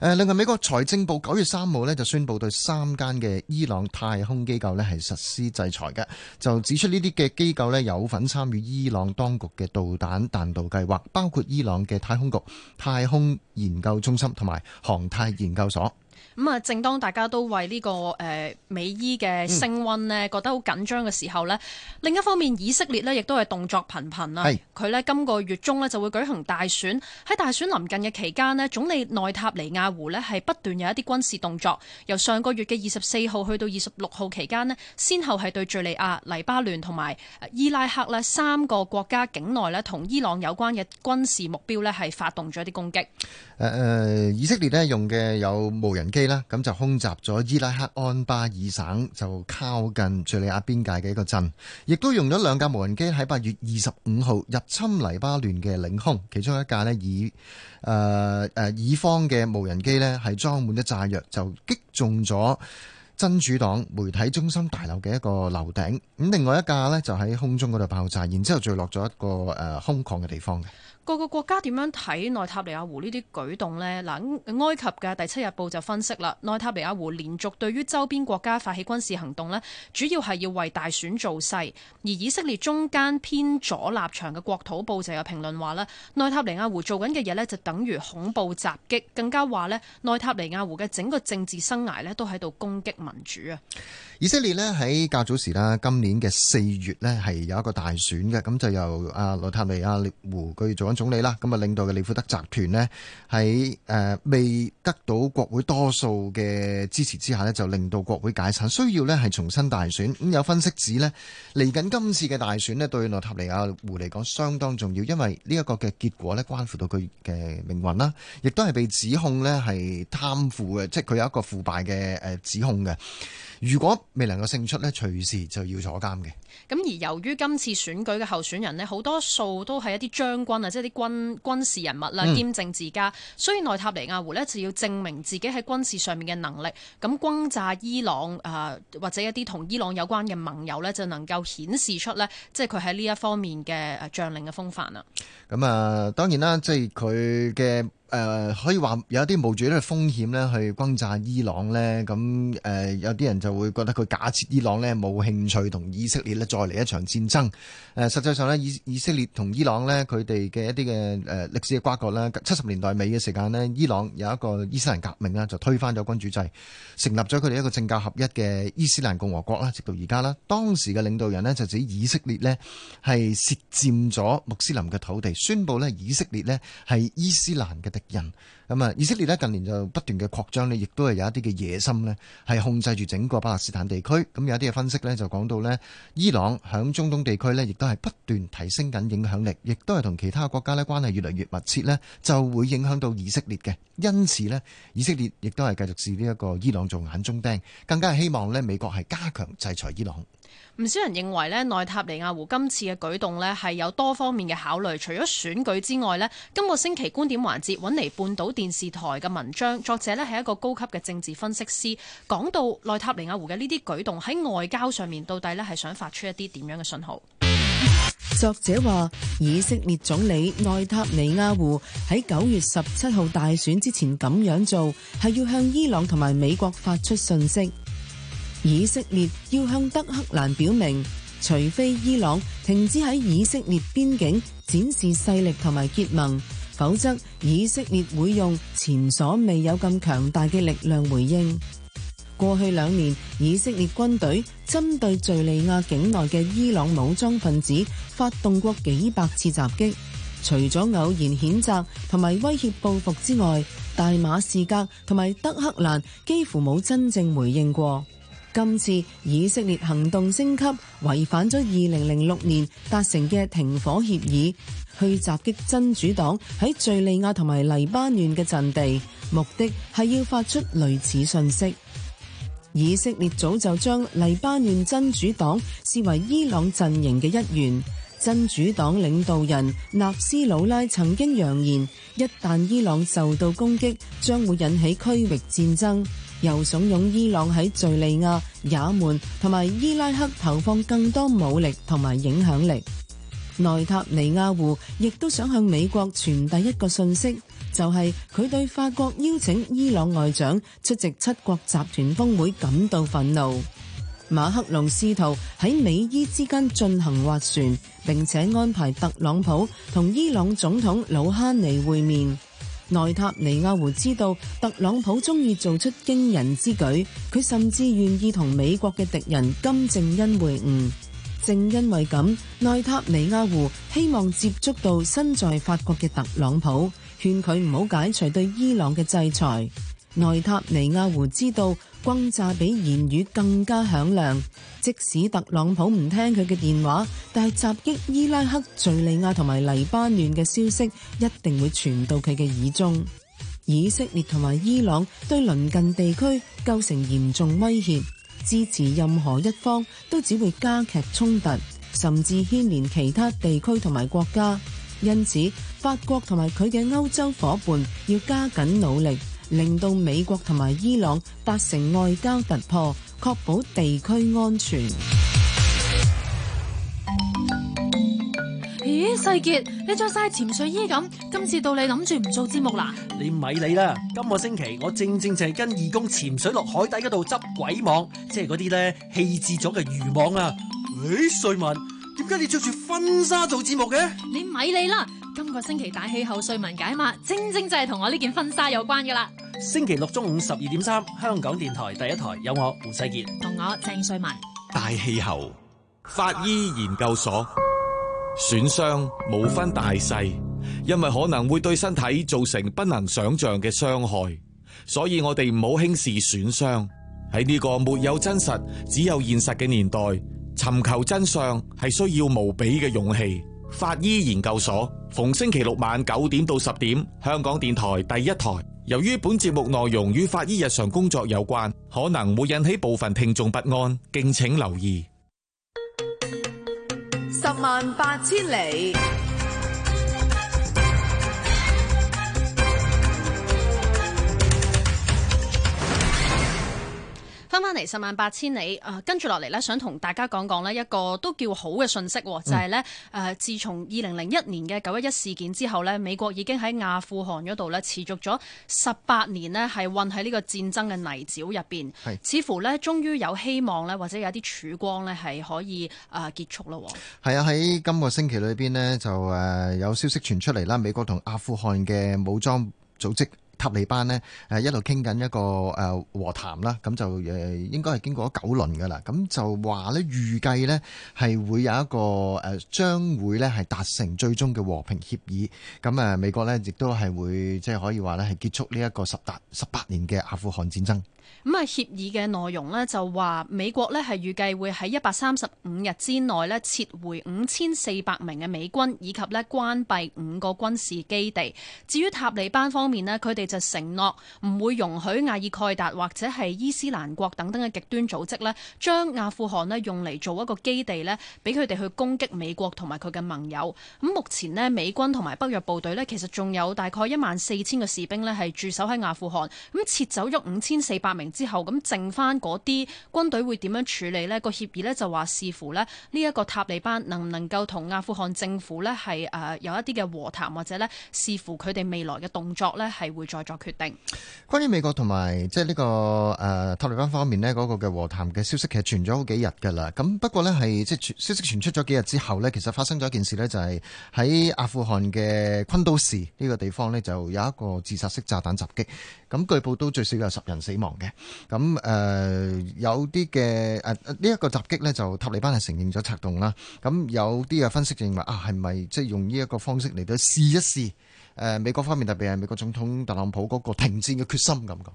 誒、另外，美國財政部九月三號咧就宣布對三間嘅伊朗太空機構咧係實施制裁嘅，就指出呢啲嘅機構咧有份參與伊朗當局嘅導彈彈道計劃，包括伊朗嘅太空局、太空研究中心同埋航太研究所。咁啊，正當大家都為呢、這個誒、呃、美伊嘅升温咧，覺得好緊張嘅時候咧，嗯、另一方面以色列咧，亦都係動作頻頻啊！佢咧是今個月中咧就會舉行大選，喺大選臨近嘅期間咧，總理內塔尼亞胡咧係不斷有一啲軍事動作。由上個月嘅二十四號去到二十六號期間咧，先後係對敘利亞黎巴嫩同埋伊拉克咧三個國家境內咧同伊朗有關嘅軍事目標咧係發動咗一啲攻擊。誒誒，以色列咧用嘅有無人機。咁就空襲咗伊拉克安巴爾省，就靠近敘利亞邊界嘅一個鎮，亦都用咗兩架無人機喺八月二十五號入侵黎巴嫩嘅領空，其中一架呢以誒誒、呃、以方嘅無人機呢係裝滿咗炸藥，就擊中咗真主黨媒體中心大樓嘅一個樓頂，咁另外一架呢就喺空中嗰度爆炸，然之後墜落咗一個誒空曠嘅地方嘅。各個國家點樣睇內塔尼亞胡呢啲舉動呢？嗱，埃及嘅第七日報就分析啦，內塔尼亞胡連續對於周邊國家發起軍事行動呢，主要係要為大選造勢。而以色列中間偏左立場嘅國土報就有評論話呢，內塔尼亞胡做緊嘅嘢呢，就等於恐怖襲擊，更加話呢，內塔尼亞胡嘅整個政治生涯呢，都喺度攻擊民主啊。以色列咧喺較早時啦，今年嘅四月咧係有一個大選嘅，咁就由阿內塔尼亞胡佢做緊總理啦。咁啊，領導嘅利庫德集團呢，喺誒未得到國會多數嘅支持之下咧，就令到國會解散，需要呢係重新大選。咁有分析指呢，嚟緊今次嘅大選咧對內塔尼亞胡嚟講相當重要，因為呢一個嘅結果咧關乎到佢嘅命運啦，亦都係被指控呢係貪腐嘅，即係佢有一個腐敗嘅誒指控嘅。如果未能夠勝出咧，隨時就要坐監嘅。咁而由於今次選舉嘅候選人呢，好多數都係一啲將軍啊，即係啲軍軍事人物啦、兼政治家。嗯、所以內塔尼亞胡呢，就要證明自己喺軍事上面嘅能力，咁轟炸伊朗啊、呃，或者一啲同伊朗有關嘅盟友呢，就能夠顯示出呢，即係佢喺呢一方面嘅呃、將領嘅風範啦、嗯。咁、呃、啊，當然啦，即係佢嘅呃、可以話有一啲冒住嘅風險呢，去轟炸伊朗呢。咁、呃、有啲人就會覺得佢假設伊朗呢冇興趣同以色列再嚟一場戰爭，誒，實際上呢，以以色列同伊朗呢，佢哋嘅一啲嘅誒歷史嘅瓜葛啦，七十年代尾嘅時間呢，伊朗有一個伊斯蘭革命啦，就推翻咗君主制，成立咗佢哋一個政教合一嘅伊斯蘭共和國啦，直到而家啦。當時嘅領導人呢，就指以色列呢係竊占咗穆斯林嘅土地，宣佈呢以色列呢係伊斯蘭嘅敵人。咁啊，以色列呢近年就不斷嘅擴張呢亦都係有一啲嘅野心呢係控制住整個巴勒斯坦地區。咁有一啲嘅分析呢就講到呢伊朗喺中東地區呢亦都係不斷提升緊影響力，亦都係同其他國家呢關係越嚟越密切呢就會影響到以色列嘅。因此呢以色列亦都係繼續視呢一個伊朗做眼中釘，更加希望呢美國係加強制裁伊朗。唔少人認為呢內塔尼亞胡今次嘅舉動呢係有多方面嘅考慮，除咗選舉之外呢，今個星期觀點環節揾嚟半島電視台嘅文章，作者呢係一個高級嘅政治分析師，講到內塔尼亞胡嘅呢啲舉動喺外交上面到底呢係想發出一啲點樣嘅信號。作者話，以色列總理內塔尼亞胡喺九月十七號大選之前咁樣做，係要向伊朗同埋美國發出訊息。以色列要向德黑蘭表明，除非伊朗停止喺以色列邊境展示勢力同埋結盟，否則以色列會用前所未有咁強大嘅力量回應。過去兩年，以色列軍隊針對敘利亞境內嘅伊朗武裝分子發動過幾百次襲擊，除咗偶然譴責同埋威脅報復之外，大馬士革同埋德黑蘭幾乎冇真正回應過。今次以色列行動升級，違反咗2006年達成嘅停火協議，去襲擊真主黨喺敘利亞同埋黎巴嫩嘅陣地，目的係要發出類似訊息。以色列早就將黎巴嫩真主黨視為伊朗陣營嘅一員，真主黨領導人納斯魯拉曾經揚言，一旦伊朗受到攻擊，將會引起區域戰爭。又慫恿伊朗喺敘利亞、也門同埋伊拉克投放更多武力同埋影響力。內塔尼亞胡亦都想向美國傳遞一個信息，就係、是、佢對法國邀請伊朗外長出席七國集團峰會感到憤怒。馬克龍試圖喺美伊之間進行斡旋，並且安排特朗普同伊朗總統魯哈尼會面。內塔尼亞胡知道特朗普中意做出驚人之舉，佢甚至願意同美國嘅敵人金正恩會晤，正因為咁，內塔尼亞胡希望接觸到身在法國嘅特朗普，勸佢唔好解除對伊朗嘅制裁。內塔尼亞胡知道。轟炸比言語更加響亮，即使特朗普唔聽佢嘅電話，但係襲擊伊拉克、敘利亞同埋黎巴嫩嘅消息一定會傳到佢嘅耳中。以色列同埋伊朗對鄰近地區構成嚴重威脅，支持任何一方都只會加劇衝突，甚至牽連其他地區同埋國家。因此，法國同埋佢嘅歐洲夥伴要加緊努力。令到美國同埋伊朗達成外交突破，確保地區安全。咦、欸，世傑，你着晒潛水衣咁，今次到你諗住唔做節目啦？你咪你啦！今個星期我正正就係跟義工潛水落海底嗰度執鬼網，即係嗰啲咧棄置咗嘅漁網啊！誒、欸，瑞文，點解你着住婚紗做節目嘅？你咪你啦！今個星期大氣候碎文解碼，正正就係同我呢件婚紗有關噶啦。星期六中午十二點三，香港電台第一台有我胡世傑同我鄭瑞文。大氣候法醫研究所，損傷冇分大細，因為可能會對身體造成不能想象嘅傷害，所以我哋唔好輕視損傷。喺呢個沒有真實只有現實嘅年代，尋求真相係需要無比嘅勇氣。法醫研究所逢星期六晚九點到十點，香港電台第一台。由於本節目內容與法醫日常工作有關，可能會引起部分聽眾不安，敬請留意。十萬八千里。翻翻嚟十萬八千里啊！呃、下來跟住落嚟咧，想同大家講講咧一個都叫好嘅信息，就係呢，誒，自從二零零一年嘅九一一事件之後呢，美國已經喺阿富汗嗰度咧持續咗十八年呢，係混喺呢個戰爭嘅泥沼入邊，似乎呢終於有希望咧，或者有啲曙光呢係可以誒結束咯。係啊，喺今個星期裏邊呢，就誒有消息傳出嚟啦，美國同阿富汗嘅武裝組織，塔利班呢，誒一路傾緊一個誒和談啦，咁就誒應該係經過咗九輪噶啦，咁就話呢，預計呢係會有一個誒將會咧係達成最終嘅和平協議。咁誒美國呢亦都係會即係可以話呢係結束呢一個十達十八年嘅阿富汗戰爭。咁啊協議嘅內容呢就話美國呢係預計會喺一百三十五日之內呢撤回五千四百名嘅美軍以及呢關閉五個軍事基地。至於塔利班方面呢，佢哋。就承諾唔會容許阿爾蓋達或者係伊斯蘭國等等嘅極端組織咧，將阿富汗咧用嚟做一個基地咧，俾佢哋去攻擊美國同埋佢嘅盟友。咁目前咧美軍同埋北約部隊咧，其實仲有大概一萬四千個士兵咧係駐守喺阿富汗。咁撤走咗五千四百名之後，咁剩翻嗰啲軍隊會點樣處理咧？個協議咧就話視乎咧呢一個塔利班能唔能夠同阿富汗政府咧係誒有一啲嘅和談，或者咧視乎佢哋未來嘅動作咧係會。再作決定。關於美國同埋即係呢個誒、呃、塔利班方面呢，嗰、嗰個嘅和談嘅消息其實傳咗好幾日㗎喇。咁不過呢，係即係消息傳出咗幾日之後呢，其實發生咗一件事呢、就係，就係喺阿富汗嘅昆都士呢個地方呢，就有一個自殺式炸彈襲擊。咁據報都最少有十人死亡嘅。咁誒、呃、有啲嘅誒呢一個襲擊呢，就塔利班係承認咗策動啦。咁有啲嘅分析認為啊，係咪即係用呢一個方式嚟到試一試？誒，美國方面特別係美國總統特朗普嗰個停戰嘅決心咁講。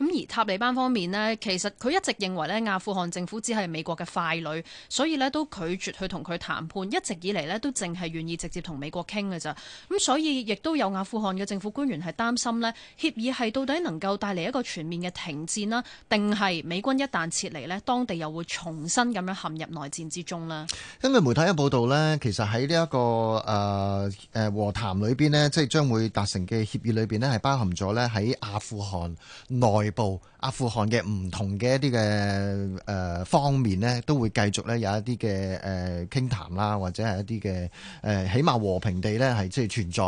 咁而塔利班方面呢，其實佢一直認為咧，阿富汗政府只係美國嘅傀儡，所以咧都拒絕去同佢談判，一直以嚟呢都淨係願意直接同美國傾嘅咋，咁所以亦都有阿富汗嘅政府官員係擔心呢協議係到底能夠帶嚟一個全面嘅停戰啦，定係美軍一旦撤離呢，當地又會重新咁樣陷入內戰之中呢。今日媒體有報道呢，其實喺呢一個誒誒、呃、和談裏邊呢即係將會達成嘅協議裏邊呢係包含咗呢喺阿富汗內部阿富汗嘅唔同嘅一啲嘅誒方面咧，都會繼續咧有一啲嘅誒傾談啦、啊，或者係一啲嘅誒起碼和平地咧係即係存在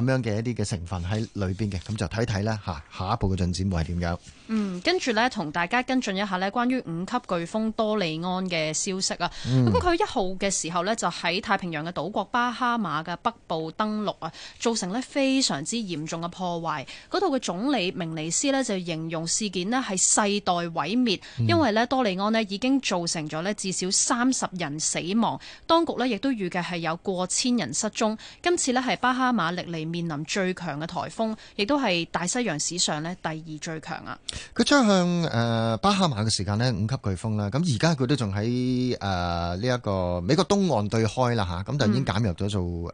咁樣嘅一啲嘅成分喺裏邊嘅，咁、嗯、就睇睇咧吓下一步嘅進展會係點樣。嗯，跟住咧同大家跟進一下咧關於五級颶風多利安嘅消息啊。咁佢一號嘅時候咧就喺太平洋嘅島國巴哈馬嘅北部登陸啊，造成咧非常之嚴重嘅破壞。嗰度嘅總理明尼斯咧就形容。事件呢，係世代毀滅，因為呢多利安呢已經造成咗呢至少三十人死亡，當局呢亦都預計係有過千人失蹤。今次呢，係巴哈馬歷嚟面臨最強嘅台風，亦都係大西洋史上呢第二最強啊！佢將向誒巴哈馬嘅時間呢五級颶風啦，咁而家佢都仲喺誒呢一個美國東岸對開啦吓，咁就已經減弱咗做誒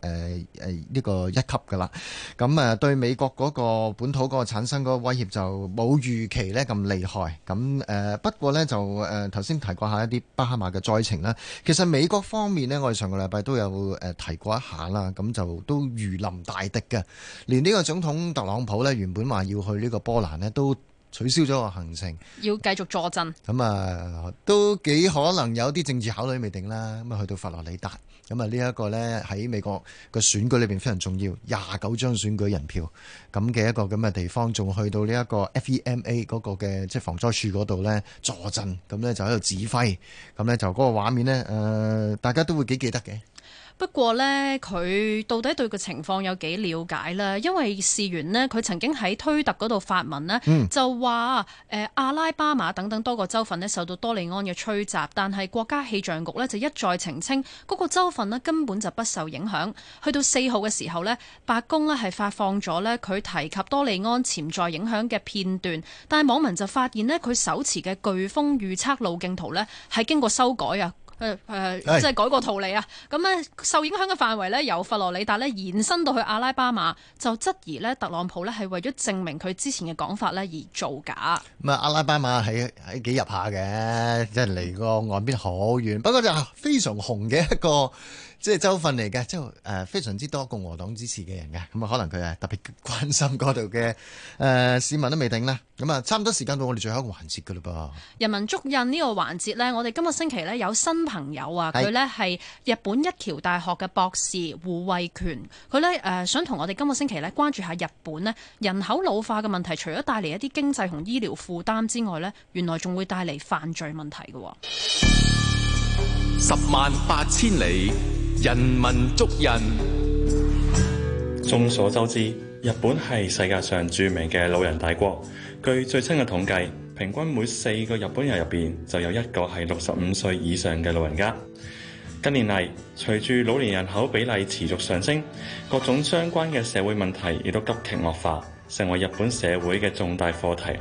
誒呢個一級噶啦，咁誒、嗯、對美國嗰個本土嗰個產生嗰個威脅就冇預。預期呢咁厲害，咁誒不過呢，就誒頭先提過下一啲巴哈馬嘅災情啦。其實美國方面呢，我哋上個禮拜都有誒提過一下啦，咁就都如臨大敵嘅，連呢個總統特朗普呢，原本話要去呢個波蘭呢，都取消咗個行程，要繼續坐鎮。咁啊，都幾可能有啲政治考慮未定啦。咁啊，去到佛羅里達，咁啊呢一個呢，喺美國個選舉裏邊非常重要，廿九張選舉人票咁嘅一個咁嘅地方，仲去到呢一個 FEMA 嗰個嘅即係防災處嗰度呢，坐鎮，咁呢，就喺度指揮，咁呢，就嗰個畫面呢，誒、呃，大家都會幾記得嘅。不過呢，佢到底對個情況有幾了解呢？因為事源呢，佢曾經喺推特嗰度發文呢，就話誒阿拉巴馬等等多個州份受到多利安嘅吹襲，但係國家氣象局呢，就一再澄清嗰個州份根本就不受影響。去到四號嘅時候呢，白宮呢係發放咗呢佢提及多利安潛在影響嘅片段，但係網民就發現呢，佢手持嘅颶風預測路徑圖呢，係經過修改啊。誒誒，即係改個圖例啊！咁咧，受影響嘅範圍咧，由佛羅里達咧延伸到去阿拉巴馬，就質疑咧，特朗普咧係為咗證明佢之前嘅講法咧而造假。咁啊，阿拉巴馬係喺幾入下嘅，即係離個岸邊好遠。不過就非常紅嘅一個。即係州份嚟嘅，即係誒非常之多共和黨支持嘅人嘅，咁啊可能佢係特別關心嗰度嘅誒市民都未定啦。咁啊，差唔多時間到我哋最後一個環節噶啦噃。人民足印呢個環節呢，我哋今個星期呢，有新朋友啊，佢呢係日本一橋大學嘅博士是胡慧權，佢呢誒想同我哋今個星期呢，關注下日本呢人口老化嘅問題，除咗帶嚟一啲經濟同醫療負擔之外呢，原來仲會帶嚟犯罪問題嘅。十萬八千里。人民捉人。眾所周知，日本係世界上著名嘅老人大國。據最新嘅統計，平均每四個日本人入邊就有一個係六十五歲以上嘅老人家。近年嚟，隨住老年人口比例持續上升，各種相關嘅社會問題亦都急劇惡化，成為日本社會嘅重大課題。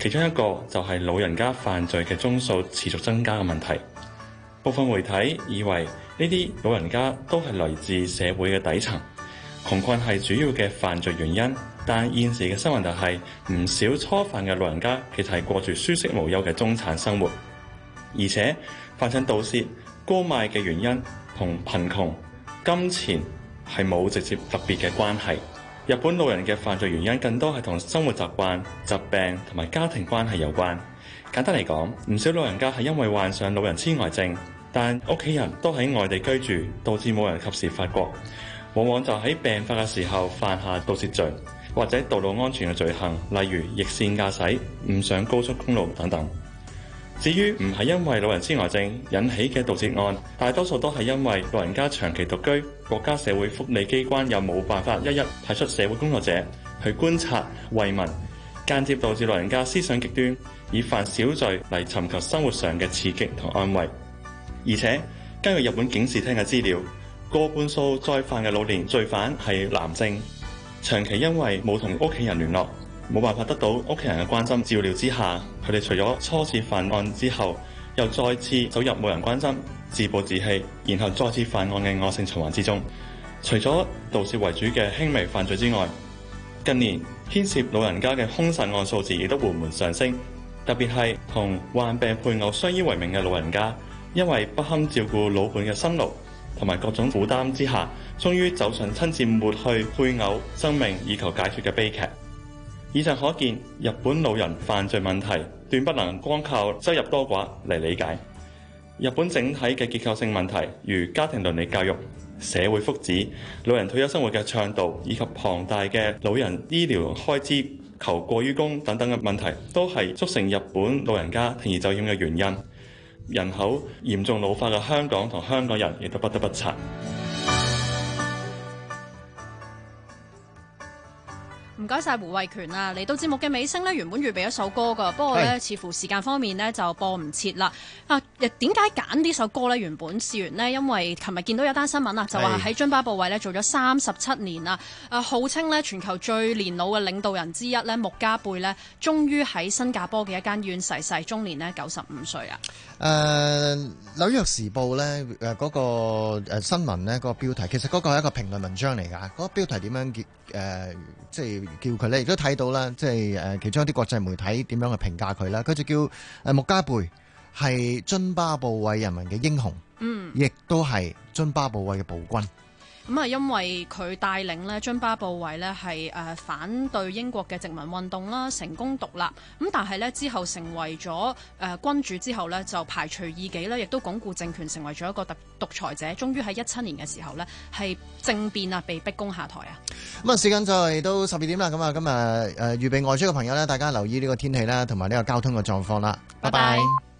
其中一個就係老人家犯罪嘅宗數持續增加嘅問題。部分媒體以為呢啲老人家都係來自社會嘅底層，窮困係主要嘅犯罪原因。但現時嘅新聞就係唔少初犯嘅老人家其實係過住舒適無憂嘅中產生活，而且犯上盜竊高買嘅原因同貧窮金錢係冇直接特別嘅關係。日本老人嘅犯罪原因更多係同生活習慣、疾病同埋家庭關係有關。簡單嚟講，唔少老人家係因為患上老人痴呆症。但屋企人都喺外地居住，導致冇人及時發覺，往往就喺病發嘅時候犯下盜竊罪，或者道路安全嘅罪行，例如逆線駕駛、誤上高速公路等等。至於唔係因為老人痴呆症引起嘅盜竊案，大多數都係因為老人家長期獨居，國家社會福利機關又冇辦法一一派出社會工作者去觀察慰問，間接導致老人家思想極端，以犯小罪嚟尋求生活上嘅刺激同安慰。而且，根據日本警視廳嘅資料，過半數再犯嘅老年罪犯係男性，長期因為冇同屋企人聯絡，冇辦法得到屋企人嘅關心照料之下，佢哋除咗初次犯案之後，又再次走入冇人關心、自暴自棄，然後再次犯案嘅惡性循環之中。除咗盜竊為主嘅輕微犯罪之外，近年牽涉老人家嘅兇殺案數字亦都緩緩上升，特別係同患病配偶相依為命嘅老人家。因為不堪照顧老伴嘅辛勞同埋各種負擔之下，終於走上親自抹去配偶生命以求解決嘅悲劇。以上可見，日本老人犯罪問題斷不能光靠收入多寡嚟理解。日本整體嘅結構性問題，如家庭倫理教育、社會福祉、老人退休生活嘅倡導以及龐大嘅老人醫療開支求過於供等等嘅問題，都係促成日本老人家鋌而走險嘅原因。人口嚴重老化嘅香港同香港人，亦都不得不察。唔該晒胡慧權啊！嚟到節目嘅尾聲呢，原本預備了一首歌噶，不過呢，是似乎時間方面呢，就播唔切啦。啊，點解揀呢首歌呢？原本事緣呢，因為琴日見到有單新聞啊，就話喺津巴布韋呢做咗三十七年啊。是啊，號稱呢，全球最年老嘅領導人之一呢，穆加貝呢，終於喺新加坡嘅一間醫院逝世，終年呢，九十五歲啊。誒、呃，《紐約時報》呢，誒、呃、嗰、那個誒新聞呢，嗰、那個標題，其實嗰個係一個評論文章嚟噶。嗰、那個標題點樣叫誒？呃即係叫佢咧，亦都睇到啦，即係誒其中一啲國際媒體點樣去評價佢啦。佢就叫誒穆加貝係津巴布韋人民嘅英雄，嗯，亦都係津巴布韋嘅暴君。咁啊，因為佢帶領咧津巴布韋咧係誒反對英國嘅殖民運動啦，成功獨立。咁但係咧之後成為咗誒君主之後咧，就排除異己咧，亦都鞏固政權，成為咗一個獨獨裁者。終於喺一七年嘅時候咧，係政變啊，被逼宮下台啊。咁啊，時間再嚟到十二點啦。咁啊，今日誒預備外出嘅朋友咧，大家留意呢個天氣啦，同埋呢個交通嘅狀況啦。拜拜 bye。Bye bye